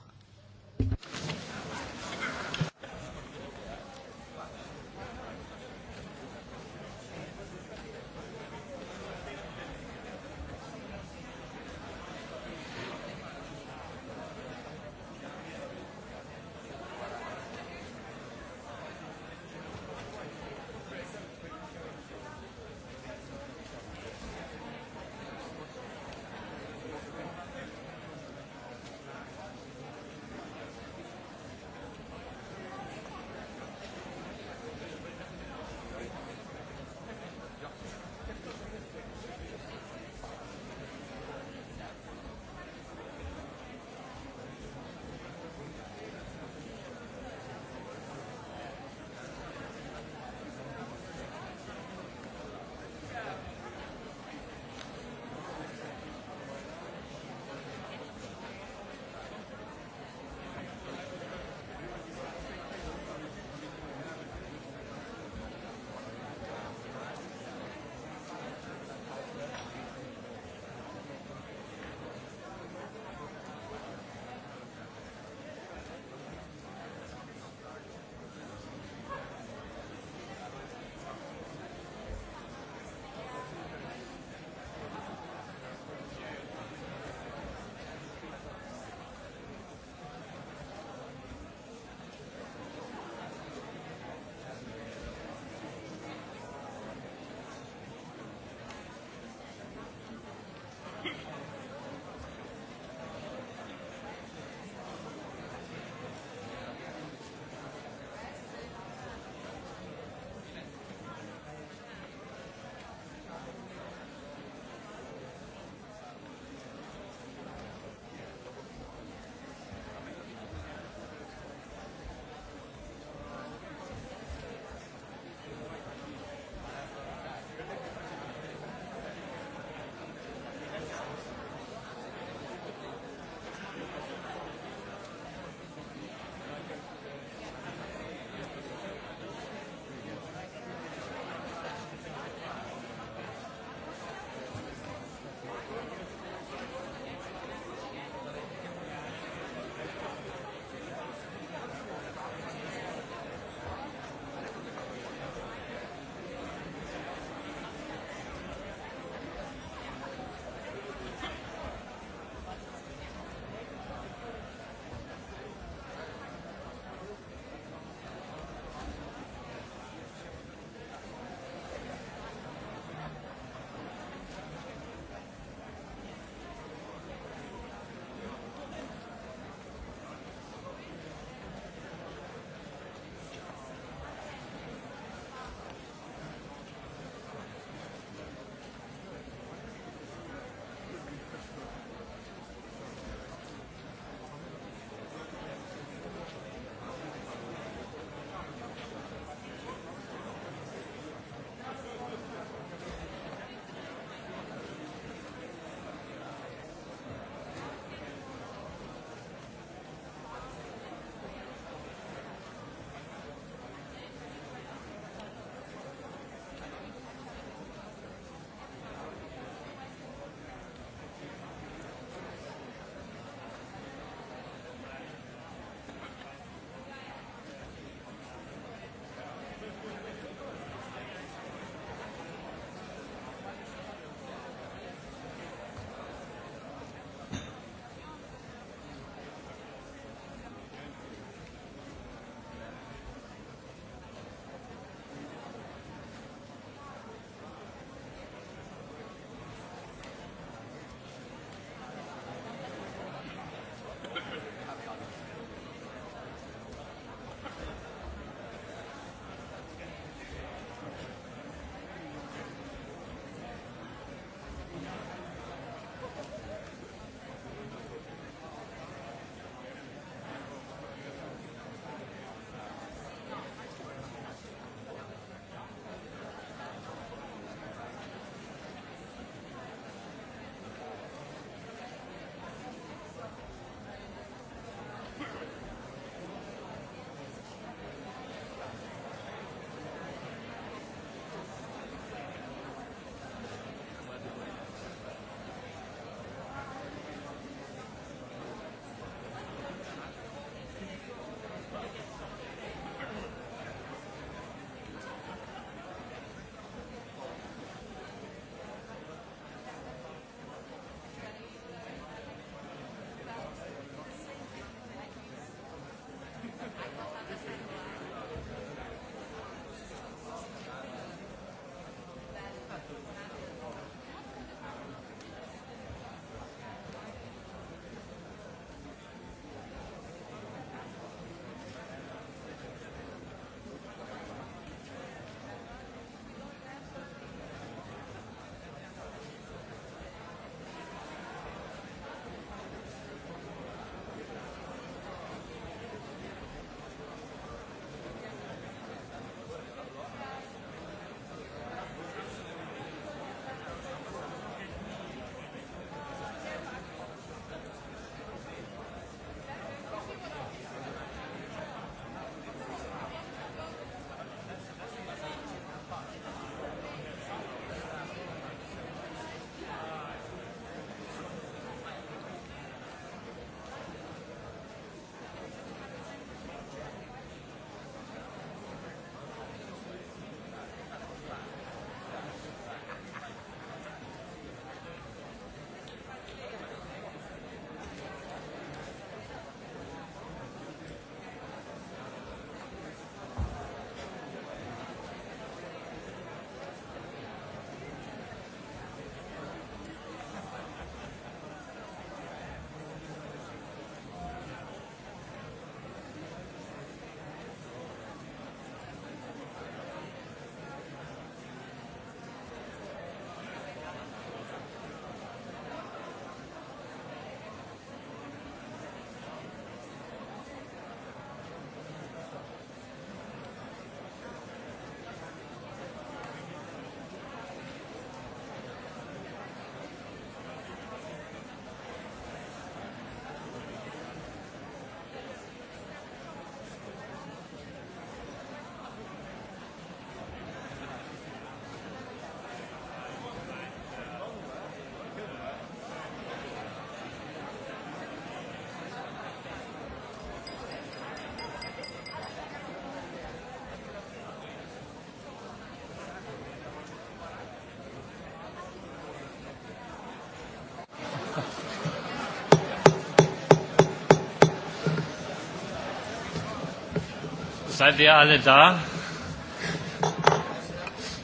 Seid ihr alle da?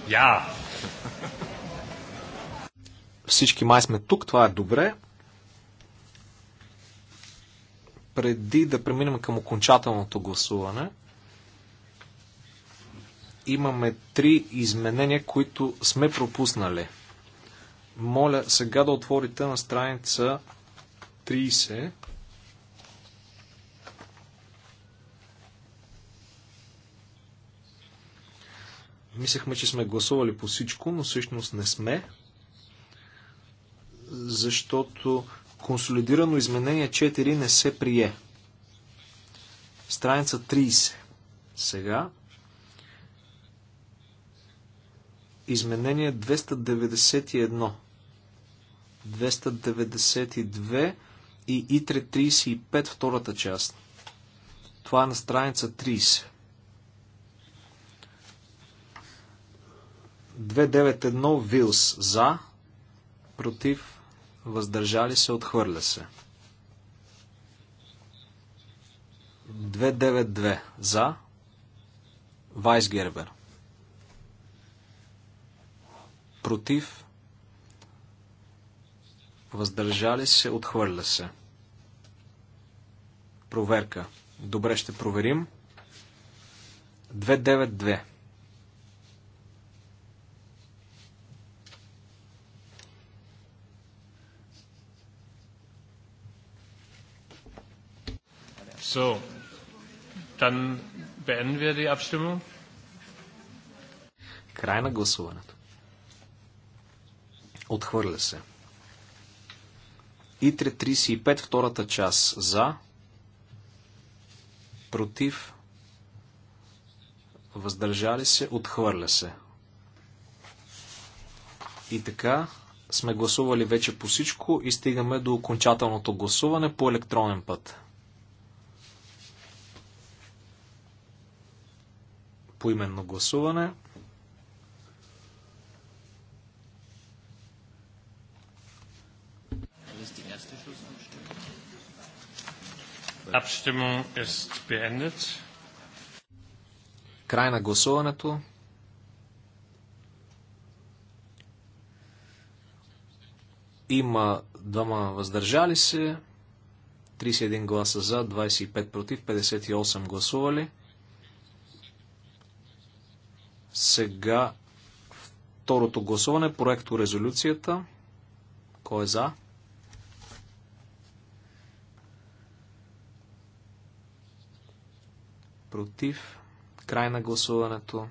Ja. Всички май сме тук, това е добре. Преди да преминем към окончателното гласуване, имаме три изменения, които сме пропуснали. Моля сега да отворите на страница 30 мислехме, че сме гласували по всичко, но всъщност не сме, защото консолидирано изменение 4 не се прие. Страница 30. Сега. Изменение 291. 292 и ИТРЕ 35 втората част. Това е на страница 30. 291 Вилс за, против, въздържали се, отхвърля се. 292 за, Вайсгербер. Против, въздържали се, отхвърля се. Проверка. Добре, ще проверим. 292. So, dann beenden wir die Abstimmung. Край на гласуването. Отхвърля се. И 35 втората част за, против, въздържали се, отхвърля се. И така сме гласували вече по всичко и стигаме до окончателното гласуване по електронен път. по именно гласуване. Край на гласуването. Има двама въздържали се, 31 гласа за, 25 против, 58 гласували. Сега второто гласуване, проекто резолюцията. Кой е за? Против. Край на гласуването.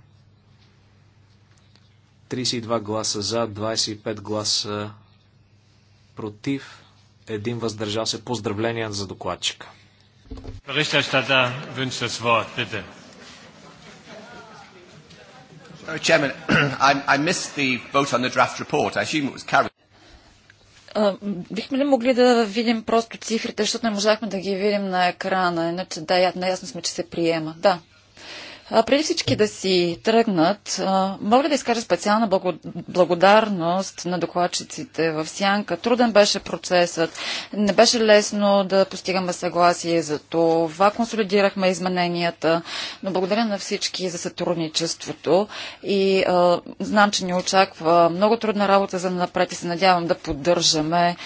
32 гласа за, 25 гласа против, един въздържал се. Поздравления за докладчика. Berichterstatter wünscht das Wort, bitte. Uh, Chairman, I, I missed the vote on the draft report. I assume it was carried. Бихме ли могли да видим просто цифрите, защото не можахме да ги видим на екрана, иначе да, ясно сме, че се приема. Да, преди всички да си тръгнат, мога ли да изкажа специална благодарност на докладчиците в Сянка. Труден беше процесът, не беше лесно да постигаме съгласие за това. Консолидирахме измененията, но благодаря на всички за сътрудничеството и знам, че ни очаква много трудна работа за напред и се надявам да поддържаме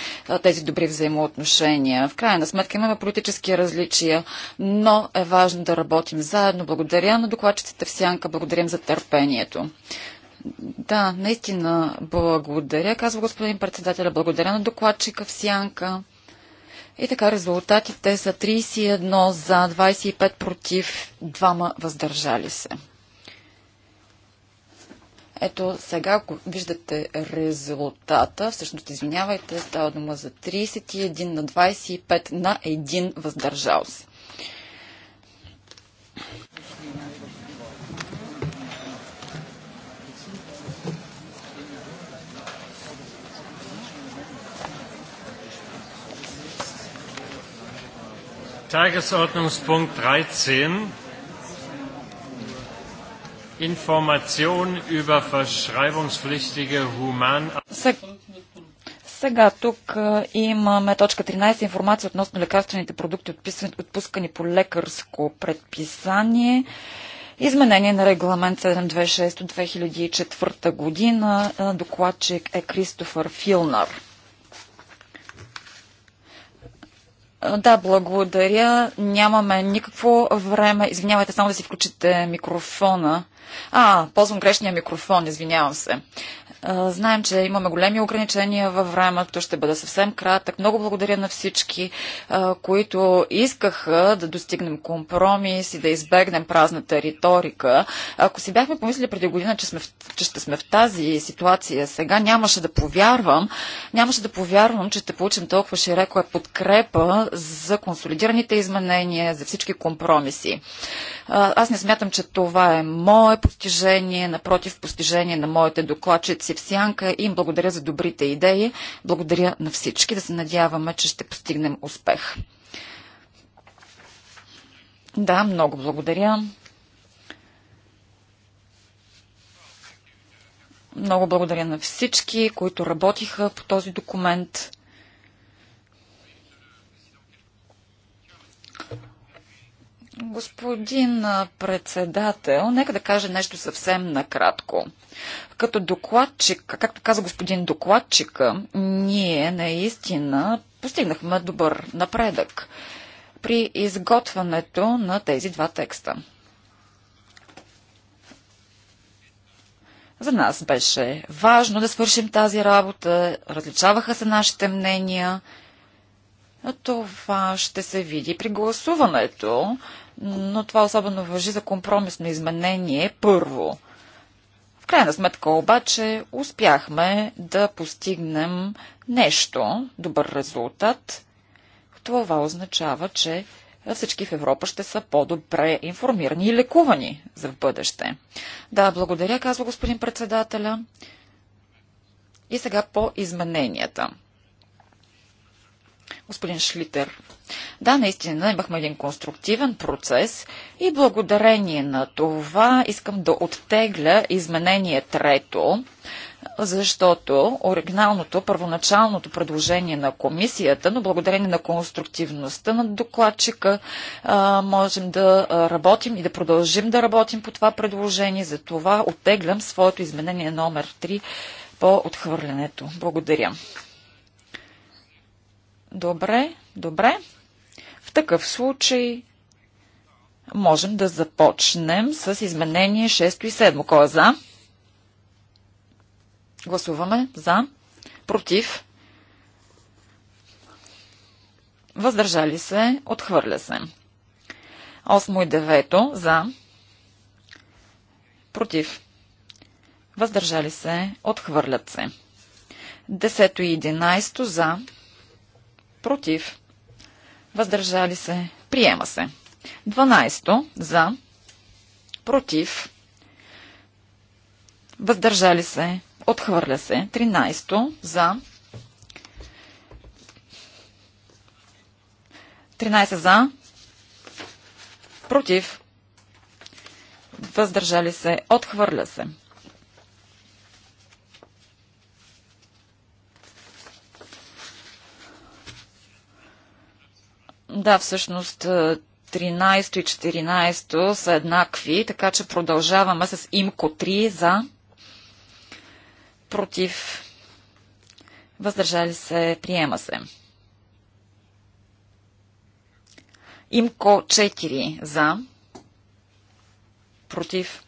тези добри взаимоотношения. В крайна сметка имаме политически различия, но е важно да работим заедно. Благодаря на докладчиците в сянка. Благодарим за търпението. Да, наистина благодаря, казва господин председателя. Благодаря на докладчика в сянка. И така, резултатите са 31 за, 25 против, 2 въздържали се. Ето сега, ако виждате резултата, всъщност извинявайте, става дума за 31 на 25 на 1 въздържал се. Tagesordnungspunkt 13 Information über verschreibungspflichtige human... Сега тук имаме точка 13 информация относно лекарствените продукти, отпускани по лекарско предписание. Изменение на регламент 726 от 2004 година. Докладчик е Кристофър Филнар. Да, благодаря. Нямаме никакво време. Извинявайте, само да си включите микрофона. А, ползвам грешния микрофон, извинявам се. Знаем, че имаме големи ограничения във времето, ще бъда съвсем кратък. Много благодаря на всички, които искаха да достигнем компромис и да избегнем празната риторика. Ако си бяхме помислили преди година, че, сме в, че ще сме в тази ситуация сега, нямаше да повярвам, нямаше да повярвам, че ще получим толкова е подкрепа за консолидираните изменения, за всички компромиси. Аз не смятам, че това е мое постижение, напротив, постижение на моите докладчици докладчици в Сянка. Им благодаря за добрите идеи. Благодаря на всички. Да се надяваме, че ще постигнем успех. Да, много благодаря. Много благодаря на всички, които работиха по този документ. Господин председател, нека да кажа нещо съвсем накратко. Като докладчик, както каза господин докладчика, ние наистина постигнахме добър напредък при изготвянето на тези два текста. За нас беше важно да свършим тази работа, различаваха се нашите мнения. Това ще се види при гласуването но това особено въжи за компромисно изменение първо. В крайна сметка обаче успяхме да постигнем нещо, добър резултат. Това означава, че всички в Европа ще са по-добре информирани и лекувани за в бъдеще. Да, благодаря, казва господин председателя. И сега по измененията господин Шлитер. Да, наистина имахме един конструктивен процес и благодарение на това искам да оттегля изменение трето, защото оригиналното, първоначалното предложение на комисията, но благодарение на конструктивността на докладчика, можем да работим и да продължим да работим по това предложение. За това оттеглям своето изменение номер 3 по отхвърлянето. Благодаря. Добре, добре. В такъв случай можем да започнем с изменение 6 и 7. Кой е за? Гласуваме за, против, въздържали се, отхвърля се. 8 и 9 за, против, въздържали се, отхвърлят се. 10 и 11 за, против, против, въздържали се, приема се. 12 за, против, въздържали се, отхвърля се. 13 за, 13 за, против, въздържали се, отхвърля се. Да, всъщност 13 е, и 14 са еднакви, така че продължаваме с имко 3 за против въздържали се, приема се. Имко 4 за против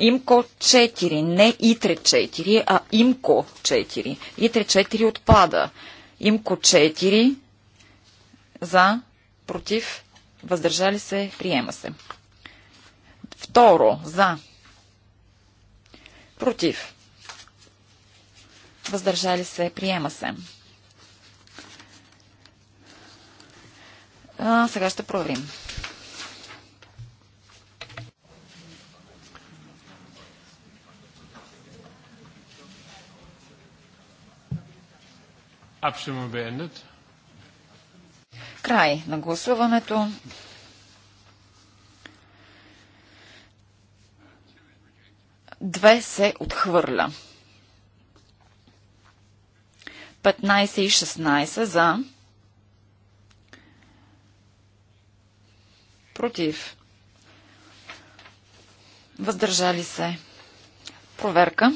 Имко 4, не Итре 4, а Имко 4. Итре 4 отпада. Имко 4 за, против, въздържали се, приема се. Второ, за, против, въздържали се, приема се. А, сега ще проверим. Abstimmung beendet. Край на гласуването. Две се отхвърля. 15 и 16 за. Против. Въздържали се. Проверка.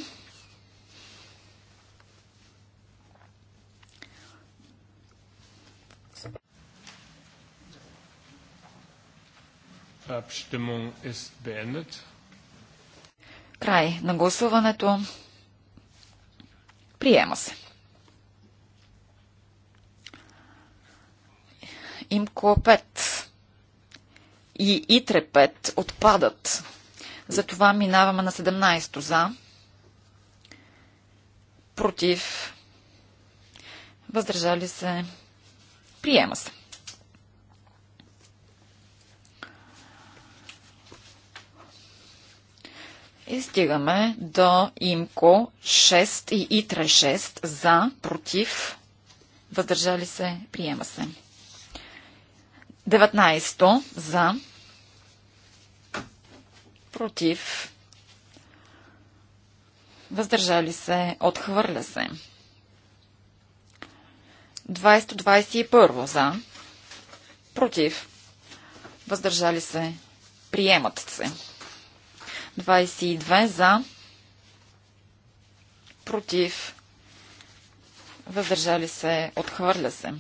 Abstimmung ist beendet. Край на гласуването. Приема се. Имко 5 и Итре 5 отпадат. Затова минаваме на 17 за. Против. Въздържали се. Приема се. И стигаме до имко 6 и итре 6 за, против, въздържали се, приема се. 19 за, против, въздържали се, отхвърля се. 20-21 за, против, въздържали се, приемат се. 22 за, против, въздържали се, отхвърля се.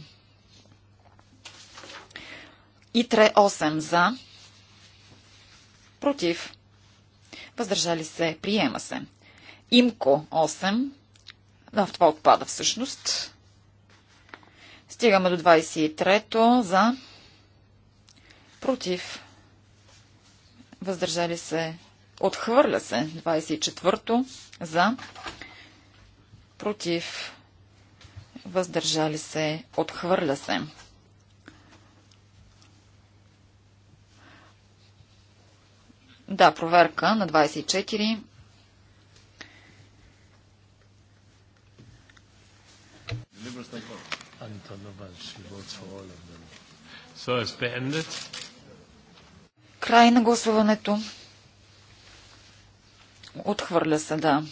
И 3-8 за, против, въздържали се, приема се. Имко 8, да, това отпада всъщност. Стигаме до 23-то за, против, въздържали се, Отхвърля се. 24-то за. Против. Въздържали се. Отхвърля се. Да, проверка на 24. So Край на гласуването. Отхвърля се, да.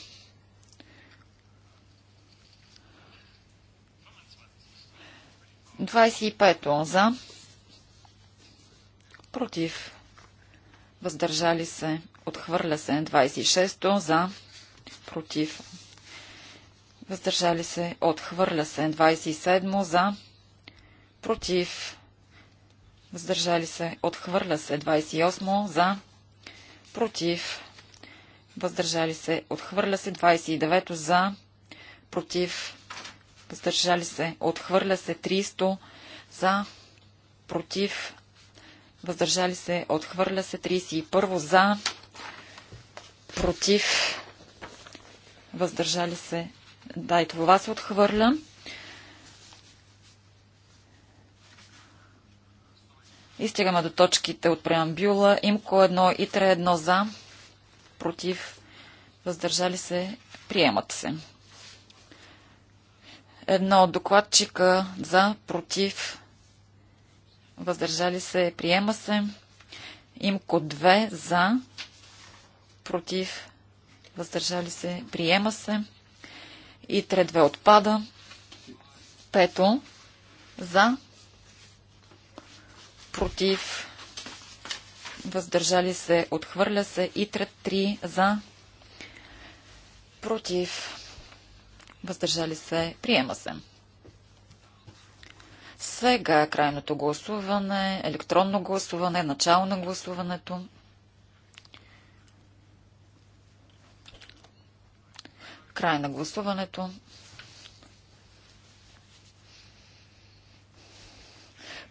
Двадесет и пето за. Против. Въздържали се. Отхвърля се. 26 шесто за. Против. Въздържали се. Отхвърля се. 27 седмо за. Против. Въздържали се. Отхвърля се. 28 осмо за. Против въздържали се, отхвърля се. 29 за, против, въздържали се, отхвърля се. 300 за, против, въздържали се, отхвърля се. 31 за, против, въздържали се. Да, и това се отхвърля. И стигаме до точките от преамбюла. Имко 1 и 3 1 за против, въздържали се, приемат се. Едно от докладчика за, против, въздържали се, приема се. Имко две за, против, въздържали се, приема се. И тре две отпада. Пето за, против, въздържали се, отхвърля се. Итра 3 за, против, въздържали се, приема се. Сега е крайното гласуване, електронно гласуване, начало на гласуването. Край на гласуването.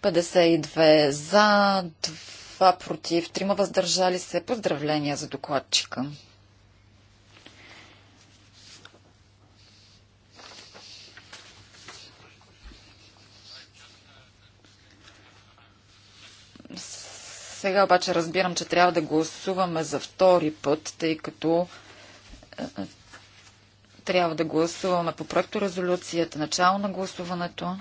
Петдесет и две за, 2 против, 3 въздържали се. Поздравления за докладчика. Сега обаче разбирам, че трябва да гласуваме за втори път, тъй като е, е, трябва да гласуваме по проекто резолюцията, начало на гласуването.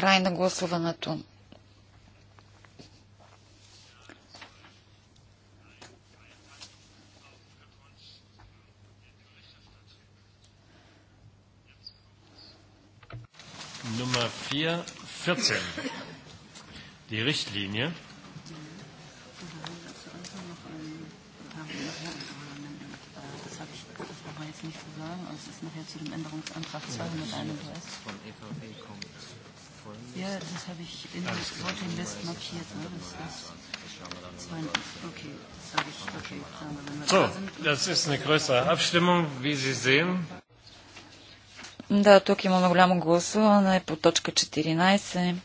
Край на гласуването. Nummer 4, 14. Die Richtlinie. jetzt nicht zu sagen, aber es ist nachher zu dem Änderungsantrag 231. Von EVP kommt. Ja, das habe ich in das Wort Invest markiert. Ne? Das ist, das so, das ist eine größere Abstimmung, wie Sie sehen. Да, тук имаме голямо гласуване по точка 14.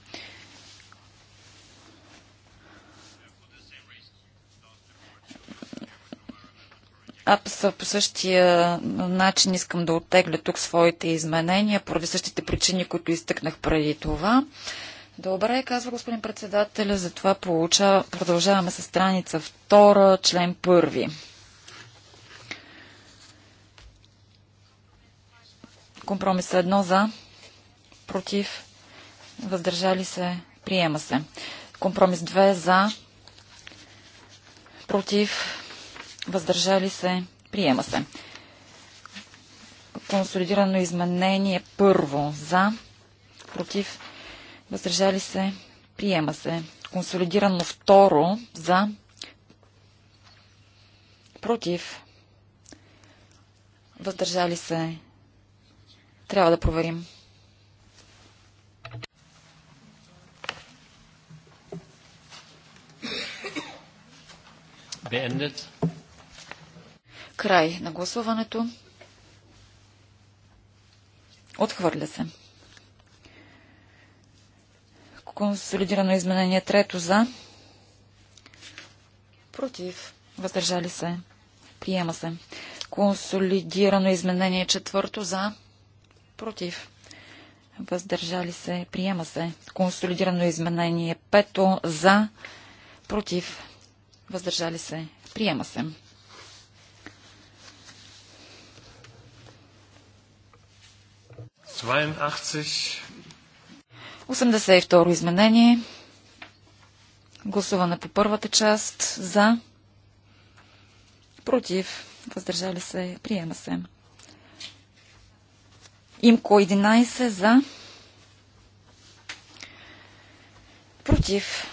Аз по същия начин искам да оттегля тук своите изменения, поради същите причини, които изтъкнах преди това. Добре, казва господин за затова получава, продължаваме с страница 2, член 1. Компромис 1 за, против, въздържали се, приема се. Компромис 2 за, против, въздържали се, приема се. Консолидирано изменение първо за, против, въздържали се, приема се. Консолидирано второ за, против, въздържали се, трябва да проверим. Beendet. Край на гласуването. Отхвърля се. Консолидирано изменение трето за. Против. Въздържали се. Приема се. Консолидирано изменение четвърто за. Против. Въздържали се. Приема се. Консолидирано изменение пето за. Против. Въздържали се. Приема се. 82 изменение. Гласуване по първата част. За. Против. Въздържали се. Приема се. Имко 11 за. Против.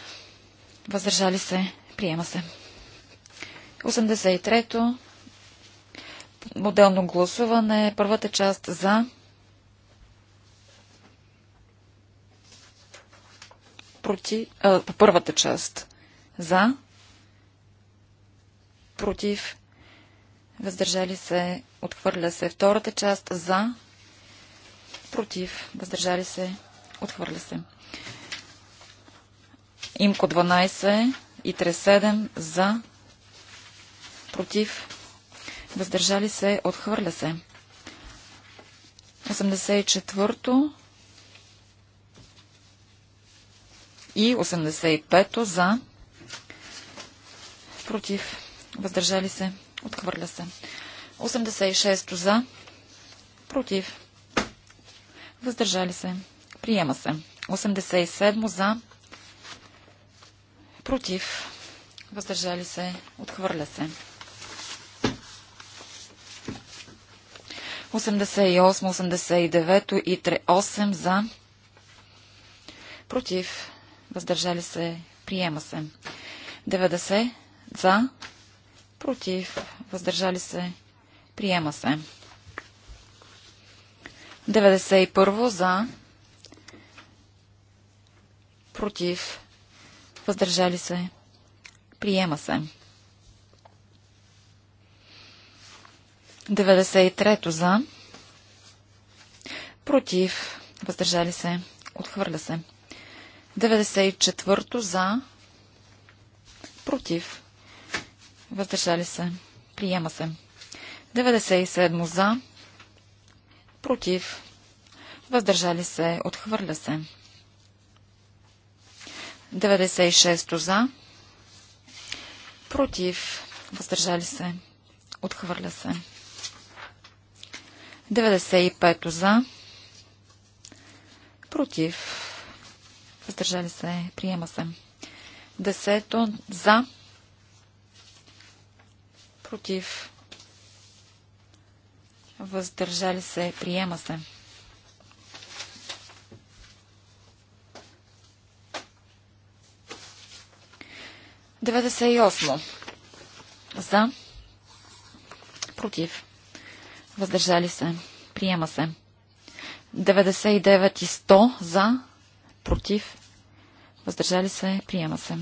Въздържали се. Приема се. 83-то. Моделно гласуване. Първата част за. против, а, първата част. За, против, въздържали се, отхвърля се. Втората част за, против, въздържали се, отхвърля се. Имко 12 и 37 за, против, въздържали се, отхвърля се. 84-то и 85 за, против, въздържали се, отхвърля се. 86 за, против, въздържали се, приема се. 87 за, против, въздържали се, отхвърля се. 88, 89 и 8 за, против, въздържали се, приема се. 90 за, против, въздържали се, приема се. 91 за, против, въздържали се, приема се. 93 за, против, въздържали се, отхвърля се. 94-то за, против, въздържали се, приема се. 97 за, против, въздържали се, отхвърля се. 96 за, против, въздържали се, отхвърля се. 95 за, против, Въздържали се. Приема се. Десето. За. Против. Въздържали се. Приема се. Деветдесет и осмо. За. Против. Въздържали се. Приема се. 99 и 100 за против, въздържали се, приема се.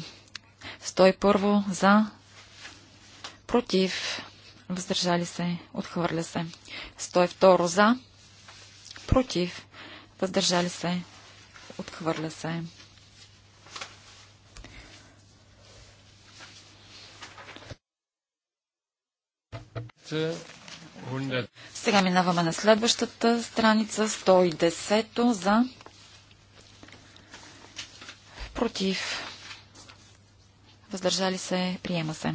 101 за, против, въздържали се, отхвърля се. 102 за, против, въздържали се, отхвърля се. Сега минаваме на следващата страница, 110 за, Против. Въздържали се. Приема се.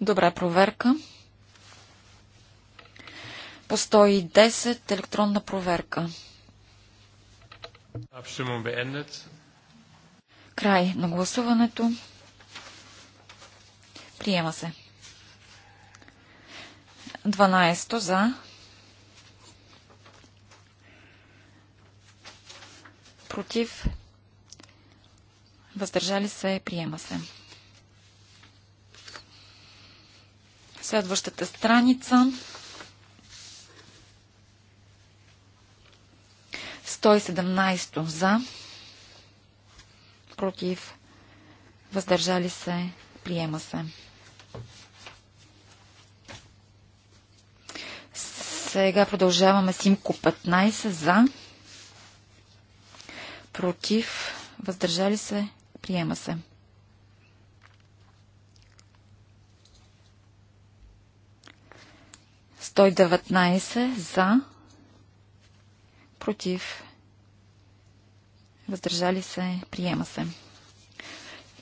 Добра проверка. По 110 електронна проверка. Край на гласуването. Приема се. 12 за, против, въздържали се, приема се. Следващата страница 117 за, против, въздържали се, приема се. Сега продължаваме с имко 15 за, против, въздържали се, приема се. Сто 19 за, против, въздържали се, приема се.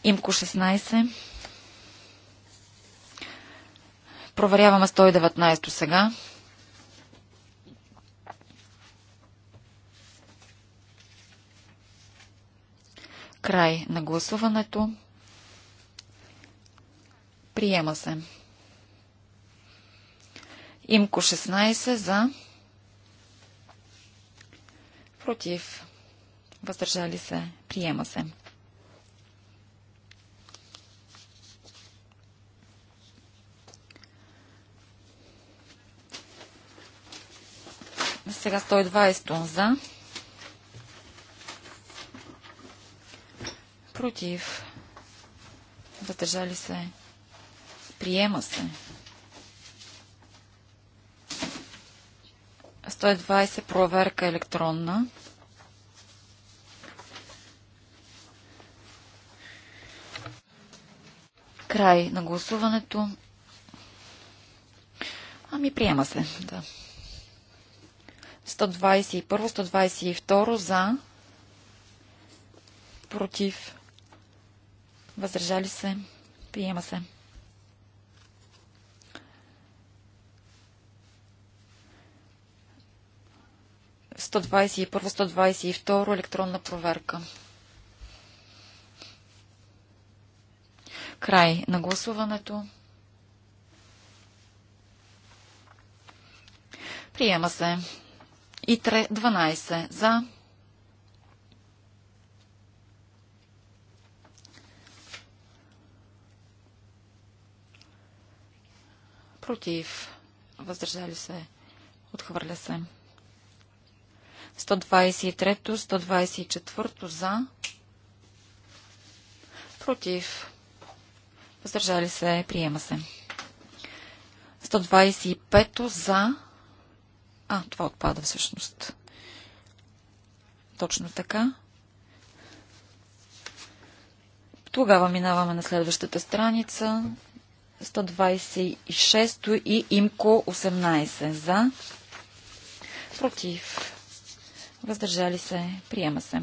Имко 16. Проверяваме 119 сега. Край на гласуването. Приема се. Имко 16 за. Против. Въздържали се. Приема се. Сега 120 за. против, въздържали се, приема се. 120 проверка електронна. Край на гласуването. Ами приема се, да. 121, 122 за, против, Въздържали се. Приема се. Сто двадесет електронна проверка. Край на гласуването. Приема се. И 3, 12 за. против, въздържали се, отхвърля се. 123, 124 за, против, въздържали се, приема се. 125 за, а, това отпада всъщност. Точно така. Тогава минаваме на следващата страница. 126 и имко 18 за, против, въздържали се, приема се.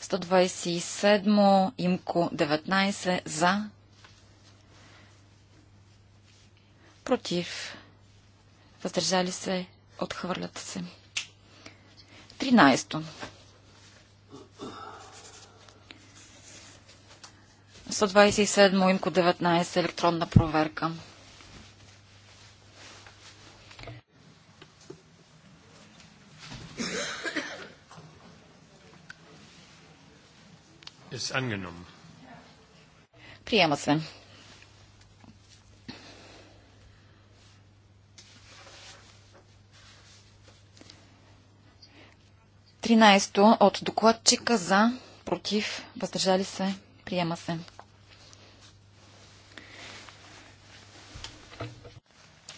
Сто имко 19 за, против, въздържали се, отхвърлят се. 13. 127 имко 19 електронна проверка. Приема се. Тринайсто от докладчика за, против, въздържали се, приема се.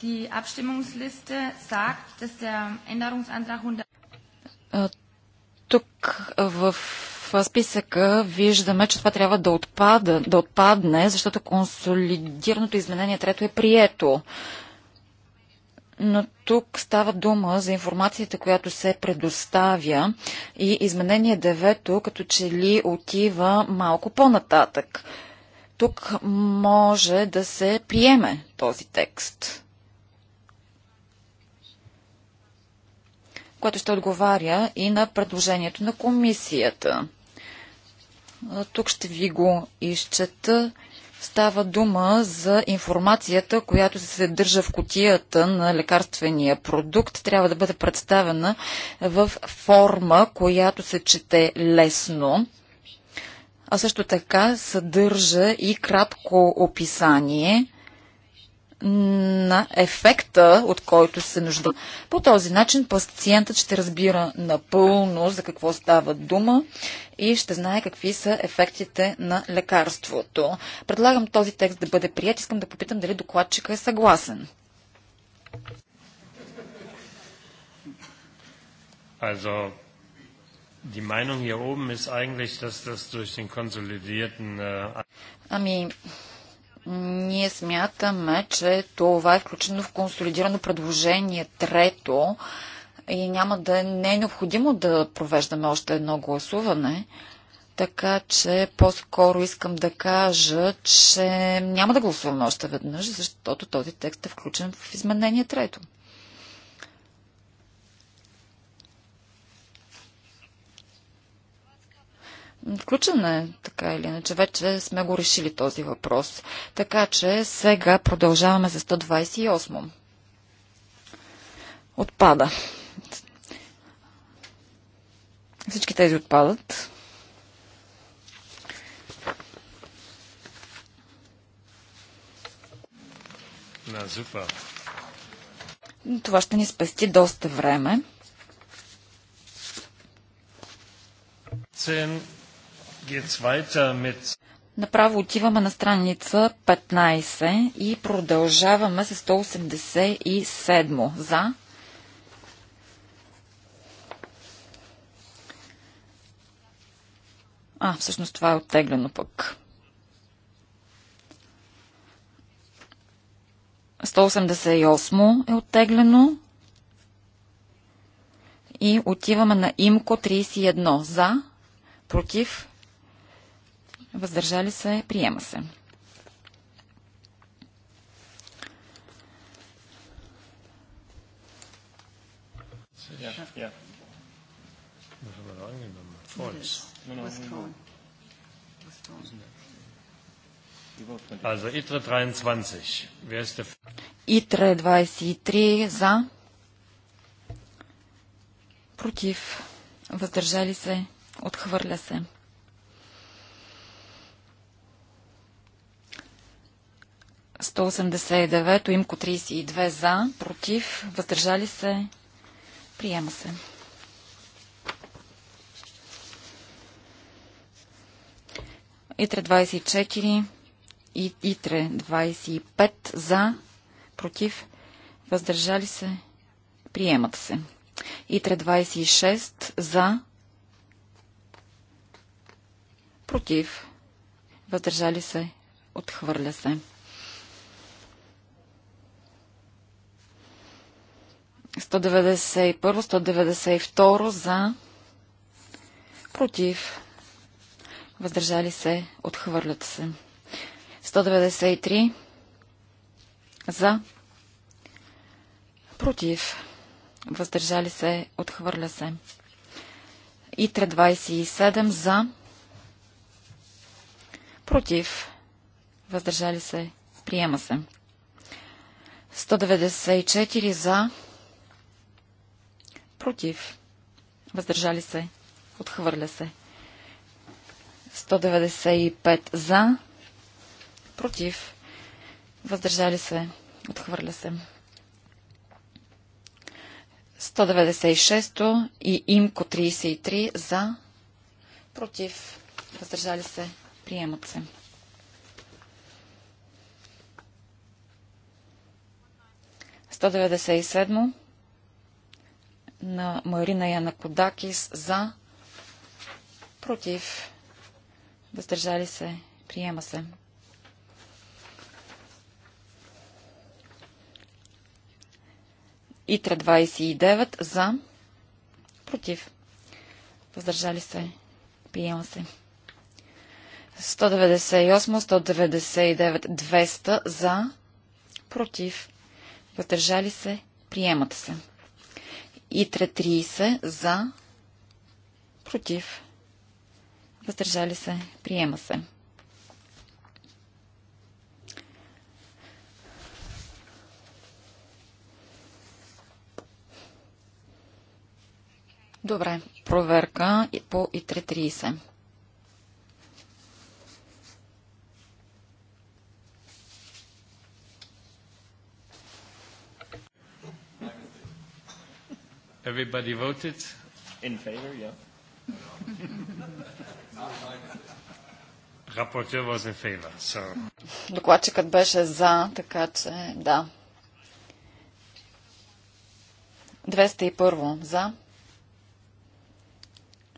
Die Abstimmungsliste sagt, dass der Änderungsantrag 100 тук в списъка виждаме, че това трябва да, отпада, да отпадне, защото консолидираното изменение трето е прието. Но тук става дума за информацията, която се предоставя и изменение девето като че ли отива малко по-нататък. Тук може да се приеме този текст. което ще отговаря и на предложението на комисията. Тук ще ви го изчета. Става дума за информацията, която се съдържа в котията на лекарствения продукт. Трябва да бъде представена в форма, която се чете лесно. А също така съдържа и кратко описание – на ефекта, от който се нужда. По този начин пациентът ще разбира напълно за какво става дума и ще знае какви са ефектите на лекарството. Предлагам този текст да бъде прият. Искам да попитам дали докладчика е съгласен. Also, die Meinung hier oben ist eigentlich, dass das durch den konsolidierten... Äh, ами, ние смятаме, че това е включено в консолидирано предложение трето и няма да е, не е необходимо да провеждаме още едно гласуване. Така че по-скоро искам да кажа, че няма да гласуваме още веднъж, защото този текст е включен в изменение трето. Включена е, така или иначе. Вече сме го решили този въпрос. Така че сега продължаваме за 128. Отпада. Всички тези отпадат. На зупа. Това ще ни спести доста време. 10 Направо отиваме на страница 15 и продължаваме с 187 за. А, всъщност това е оттеглено пък. 188 е оттеглено. И отиваме на имко 31 за, против, въздържали се, приема се. ИТРА 23 за против въздържали се, отхвърля се. 189, имко 32 за, против, въздържали се, приема се. Итре 24, и, Итре 25 за, против, въздържали се, приемат се. Итре 26 за, против, въздържали се, отхвърля се. 191, 192 за, против, въздържали се, отхвърлят се. 193 за, против, въздържали се, отхвърля се. И 327 за, против, въздържали се, приема се. 194 за, против, против, въздържали се, отхвърля се. 195 за, против, въздържали се, отхвърля се. 196 и имко 33 за, против, въздържали се, приемат се. 197 на Марина Янакодакис за, против, въздържали се, приема се. Итра 29 за, против, въздържали се, приема се. 198, 199, 200 за, против, въздържали се, приемат се. Итре 30 за, против, въздържали се, приема се. Добре, проверка по ИТРЕ 30. Everybody voted? In favor, yeah. Rapporteur was in favor, so... Докладчикът беше за, така че да. 201 за.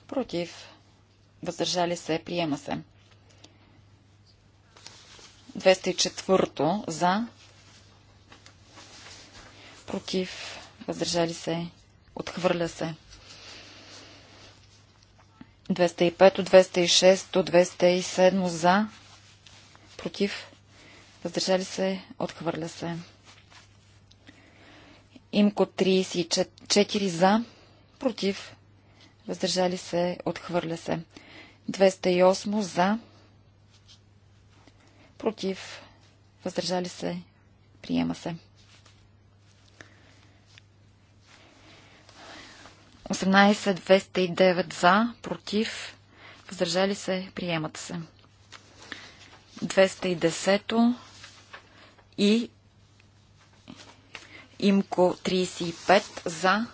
Против. Въздържали се. Приема се. 204 за. Против. Въздържали се. Отхвърля се. 205 до 206 до 207 за. Против. Въздържали се. Отхвърля се. Имко 34 за. Против. Въздържали се. Отхвърля се. 208 за. Против. Въздържали се. Приема се. 18-209 за, против, въздържали се, приемат се. 210 и имко 35 за,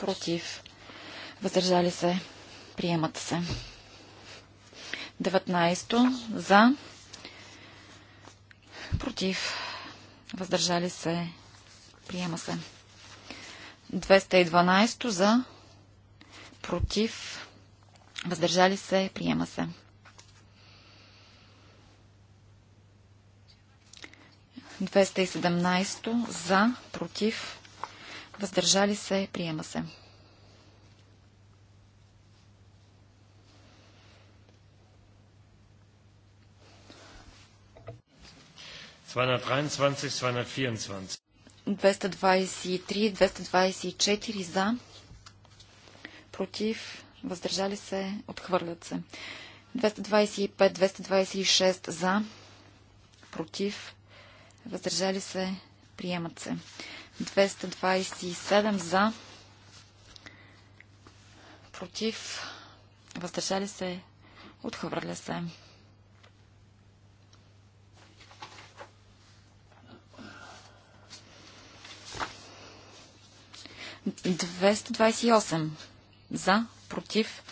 против, въздържали се, приемат се. 19 за, против, въздържали се, приема се. 212 за, против, въздържали се, приема се. Двеста и за, против, въздържали се, приема се. Zweihundertdreiundzwanzig, zweihundertvierundzwanzig. 223, 224 за, против, въздържали се, отхвърлят се. 225, 226 за, против, въздържали се, приемат се. 227 за, против, въздържали се, отхвърля се. 228 за, против,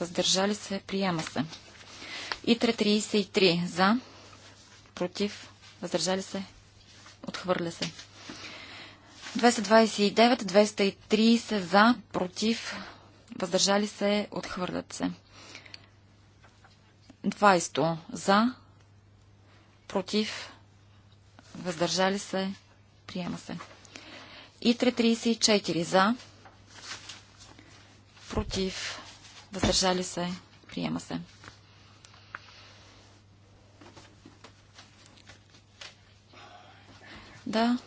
въздържали се, приема се. И 333 за, против, въздържали се, отхвърля се. 229, 230 за, против, въздържали се, отхвърлят се. 20 за, против, въздържали се, приема се. И 334 за, против, въздържали се, приема се. Да,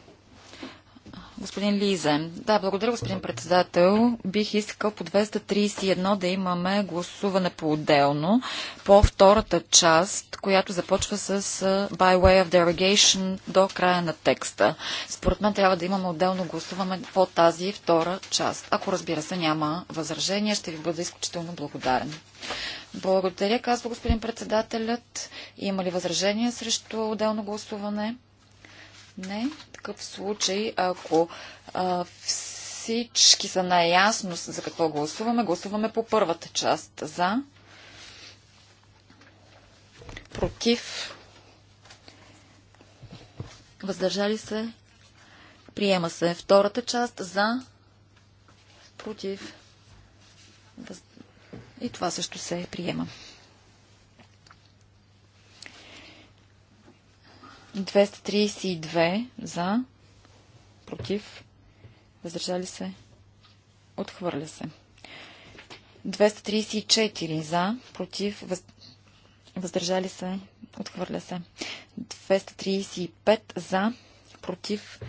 Господин Лизе. Да, благодаря, господин председател. Бих искал по 231 да имаме гласуване по-отделно по втората част, която започва с by way of derogation до края на текста. Според мен трябва да имаме отделно гласуване по тази втора част. Ако разбира се няма възражение, ще ви бъда изключително благодарен. Благодаря, казва господин председателят. Има ли възражение срещу отделно гласуване? Не, в такъв случай, ако а, всички са наясно за какво гласуваме, гласуваме по първата част. За, против, въздържали се, приема се. Втората част за, против, и това също се приема. 232 за, против, въздържали се, отхвърля се. 234 за, против, въздържали се, отхвърля се. 235 за, против,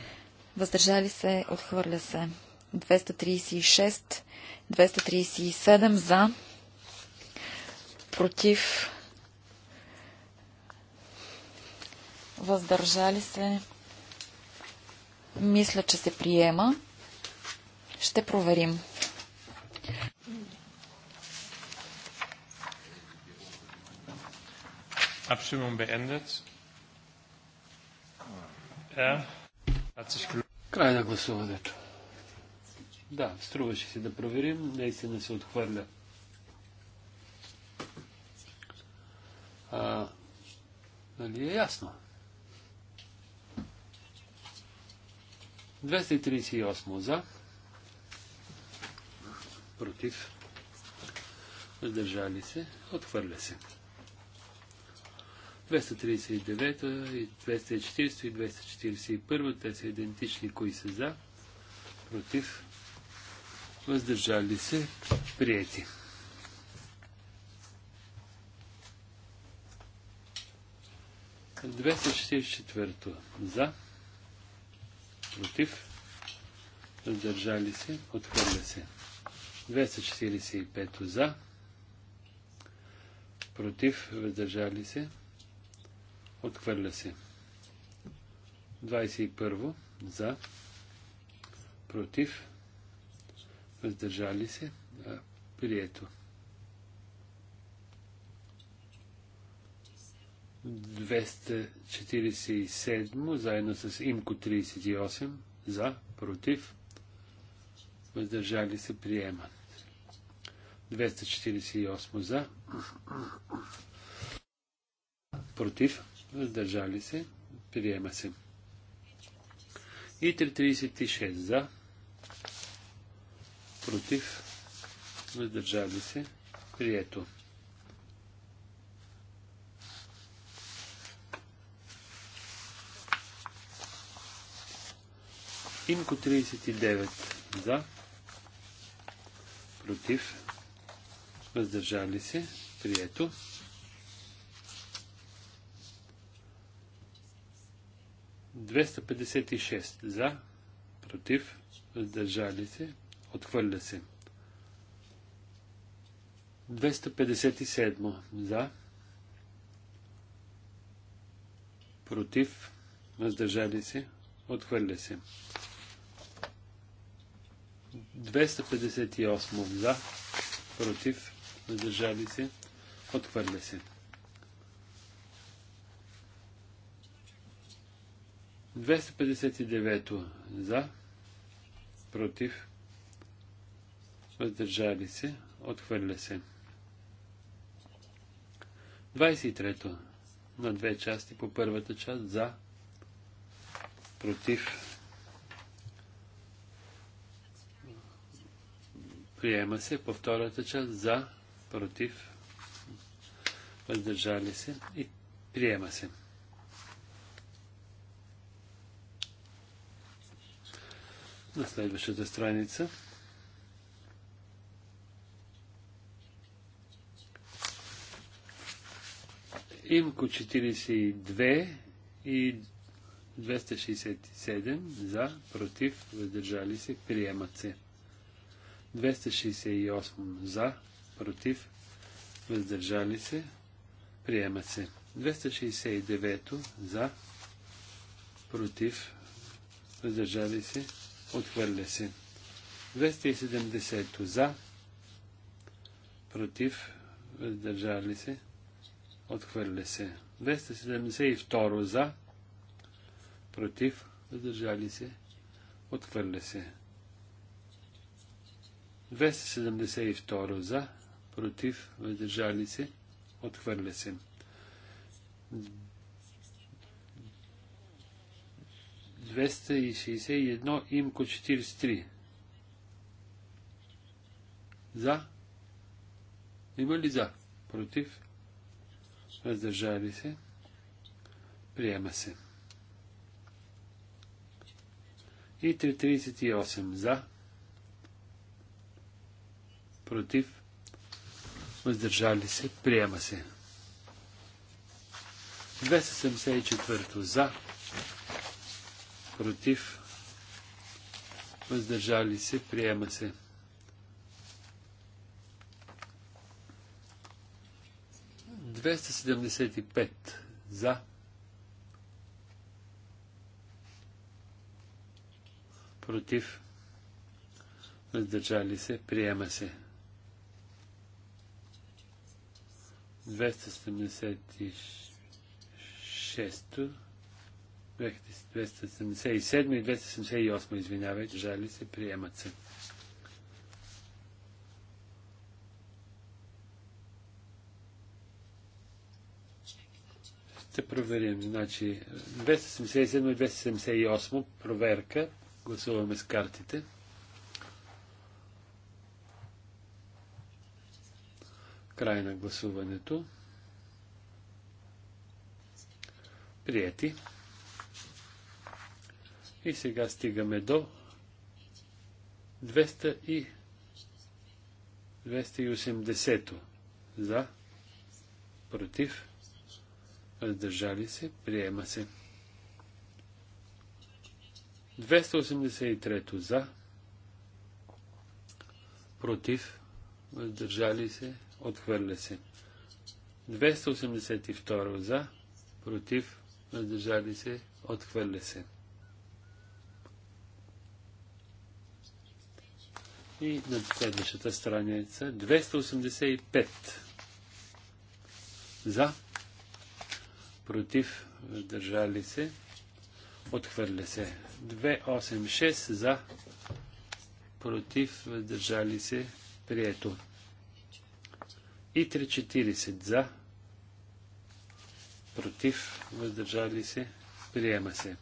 въздържали се, отхвърля се. 236, 237 за, против, въздържали се, мисля, че се приема. Ще проверим. Abstimmung beendet. Е, Край на гласуването. Да, струваше се да проверим, наистина се отхвърля. А, нали е ясно? 238 за. Против. Въздържали се. Отхвърля се. 239 и 240 и 241. Те са идентични. Кои са за? Против. Въздържали се. Приети. Двеста четвърто. За против, въздържали се, отхвърля се. 245 за, против, въздържали се, отхвърля се. 21 за, против, въздържали се, прието. 247, заедно с имко 38, за, против, въздържали се, приемат. 248 за, против, въздържали се, приема се. И 336 за, против, въздържали се, прието. Имко 39 за, против, въздържали се, прието. Двеста за, против, въздържали се, отхвърля се. 257 за, против, въздържали се, отхвърля се. 258 за, против, въздържали се, отхвърля се. 259 за, против, въздържали се, отхвърля се. 23 на две части по първата част за, против, Приема се по втората част за, против, въздържали се и приема се. На следващата страница. Имко 42 и 267 за, против, въздържали се, приемат се. 268 за, против, въздържали се, приема се. 269 за, против, въздържали се, отхвърля се. 270 за, против, въздържали се, отхвърля се. 272 за, против, въздържали се, отхвърля се. 272 за, против, въздържали се, отхвърля се. 261 имко 43. За? Има ли за? Против? Въздържали се? Приема се. И 338 за против, въздържали се, приема се. 274 за, против, въздържали се, приема се. Двеста седемдесет и пет за, против, въздържали се, приема се. 276 277 и 278, извинявайте, жали се, приемат се. Ще проверим. Значи 277 и 278 проверка. Гласуваме с картите. Край на гласуването. Прияти. И сега стигаме до 200 и 280 за, против, въздържали се, приема се. 283 за, против, въздържали се, Отхвърля се. 282 за, против, въздържали се, отхвърля се. И на следващата страница 285 за, против, въздържали се, отхвърля се. 286 за, против, въздържали се, прието. И 340 за, против, въздържали се, приема се.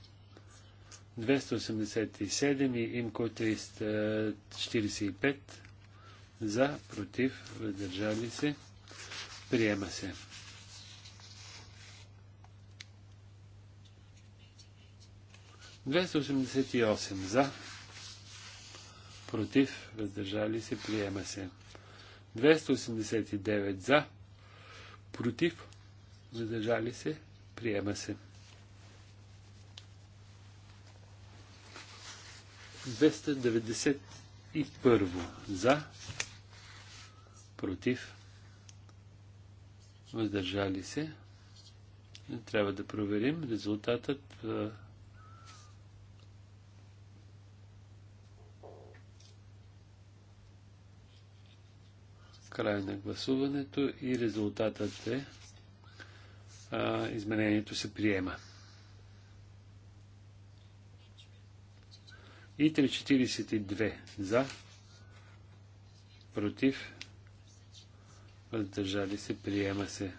287 и имко 345 за, против, въздържали се, приема се. 288 за, против, въздържали се, приема се. 289 за, против, задържали се, приема се. 291 за, против, въздържали се. Трябва да проверим резултатът. Край на гласуването и резултатът е а, изменението се приема. И 342 за, против, въздържали се, приема се.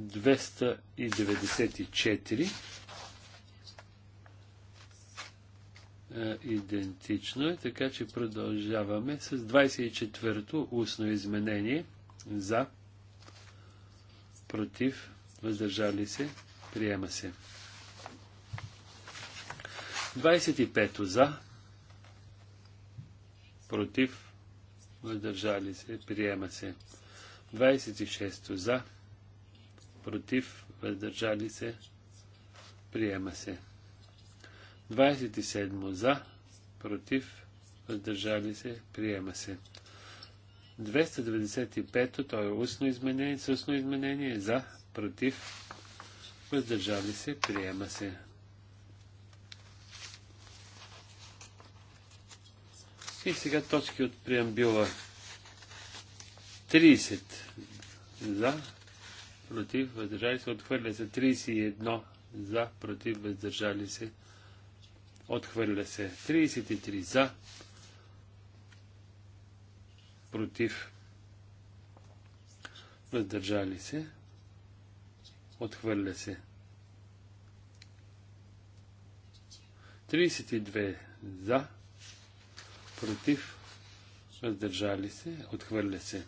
294 е, идентично е, така че продължаваме с 24-то устно изменение за, против, въздържали се, приема се. 25-то за, против, въздържали се, приема се. 26-то за, против, въздържали се, приема се. 27 за, против, въздържали се, приема се. 295, то е устно изменение, с устно изменение, за, против, въздържали се, приема се. И сега точки от преамбюла. 30 за, против, въздържали се, отхвърля се. 31 за, против, въздържали се, отхвърля се. 33 за, против, въздържали се, отхвърля се. 32 за, против, въздържали се, отхвърля се.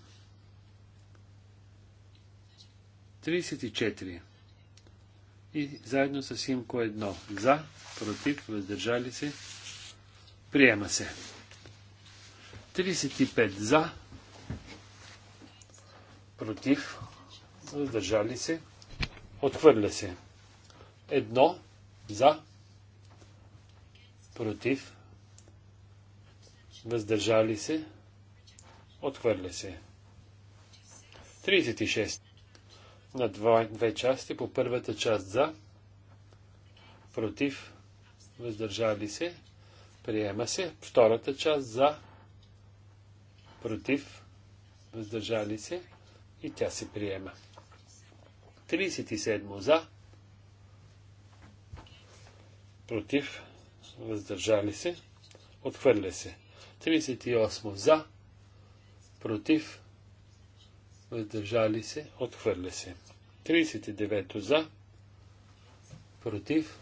34. И заедно с имко 1. За, против, въздържали се, приема се. 35 за, против, въздържали се, отхвърля се. Едно за, против, въздържали се, отхвърля се. 36 на две части. По първата част за, против, въздържали се, приема се. Втората част за, против, въздържали се и тя се приема. 37 за, против, въздържали се, отхвърля се. 38 за, против, въздържали се, отхвърля се. 39 за, против,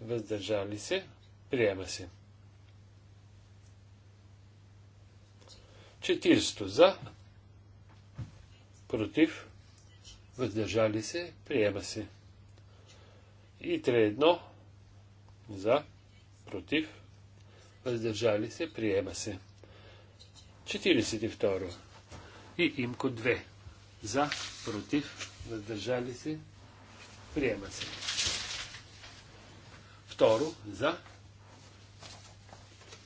въздържали се, приема се. 40 за, против, въздържали се, приема се. И 3-1 за, против, въздържали се, приема се. 42. И имко 2. За, против, въздържали се, приема се. Второ, за,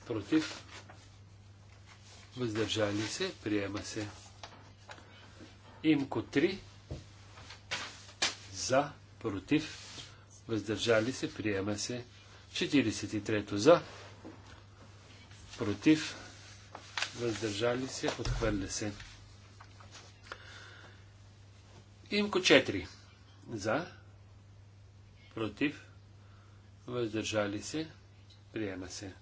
против, въздържали се, приема се. Имко 3, за, против, въздържали се, приема се. 43-то за, против, въздържали се, отхвърля се. Имко 4. За. Против. Въздържали се. Приема се.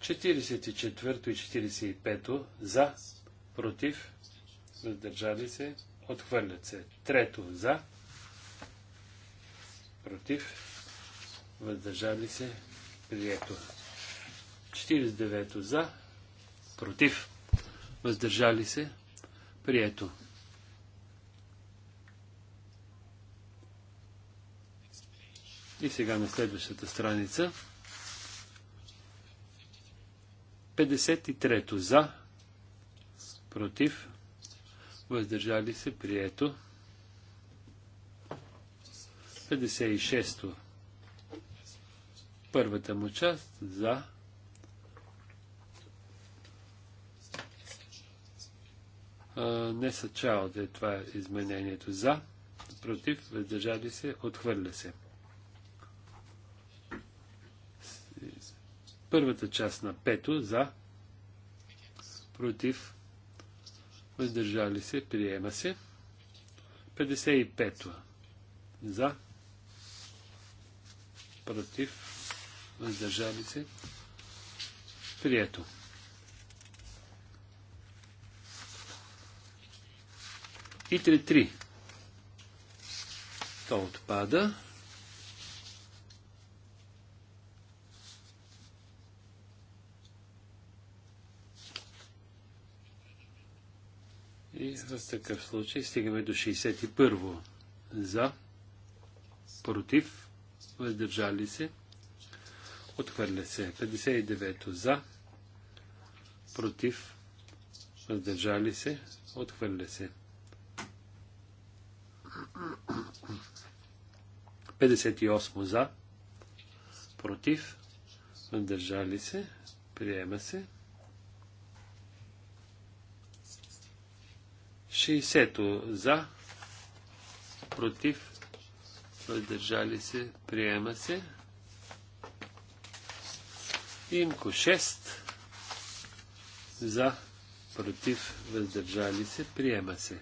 Четиридесет и четвърто и четиридесет и пето за, против, въздържали се, отхвърлят се. Трето за, против, въздържали се, прието. 49 за, против, въздържали се, прието. И сега на следващата страница. 53-то за, против, въздържали се, прието. 56-то. Първата му част за, не са чалде, това е изменението за, против, въздържали се, отхвърля се. Първата част на пето за, против, въздържали се, приема се. 55 за, против, въздържали се, прието. И 3-3. То отпада. И в такъв случай стигаме до 61-во. За, против, въздържали се, отхвърля се. 59-то за, против, въздържали се, отхвърля се. 58 за, против, въздържали се, приема се. 60 за, против, въздържали се, приема се. Имко 6 за, против, въздържали се, приема се.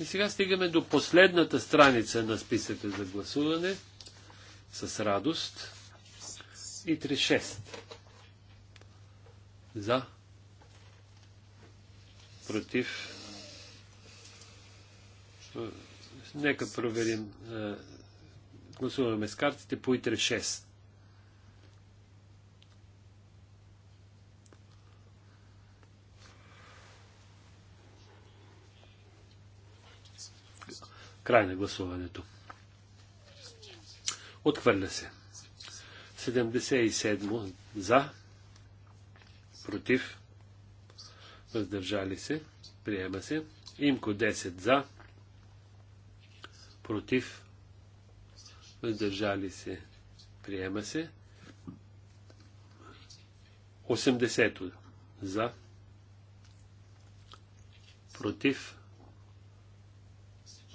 И сега стигаме до последната страница на списъка за гласуване с радост. И 3-6. За. Против. Нека проверим. Е, гласуваме с картите по и 3-6. Край на гласуването. Отхвърля се. 77 за, против, въздържали се, приема се. Имко 10 за, против, въздържали се, приема се. 80 за, против,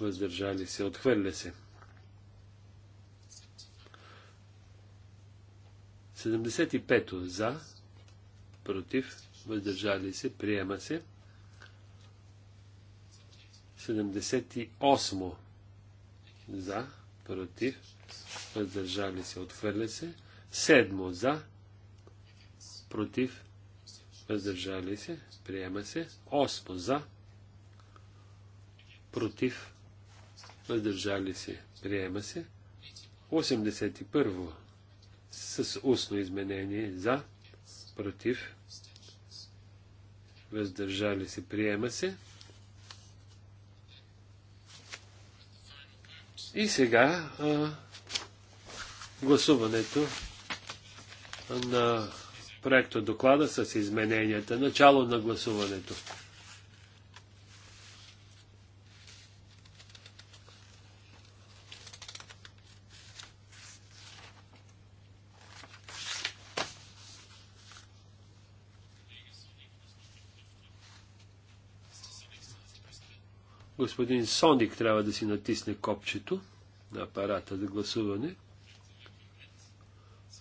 въздържали се, отхвърля се. 75 за, против, въздържали се, приема се. 78 за, против, въздържали се, отхвърля се. 7 за, против, въздържали се, приема се. 8 за, против, въздържали се, приема се. 81 с устно изменение за, против, въздържали се, приема се. И сега а, гласуването на проекта доклада с измененията. Начало на гласуването. господин Соник трябва да си натисне копчето на апарата за гласуване.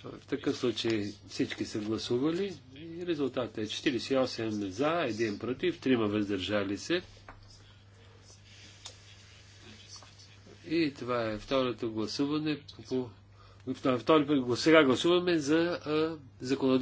В такъв случай всички са гласували и резултатът е 48 за, 1 против, 3 въздържали се. И това е второто гласуване по, по е Втори сега гласуваме за законодателството.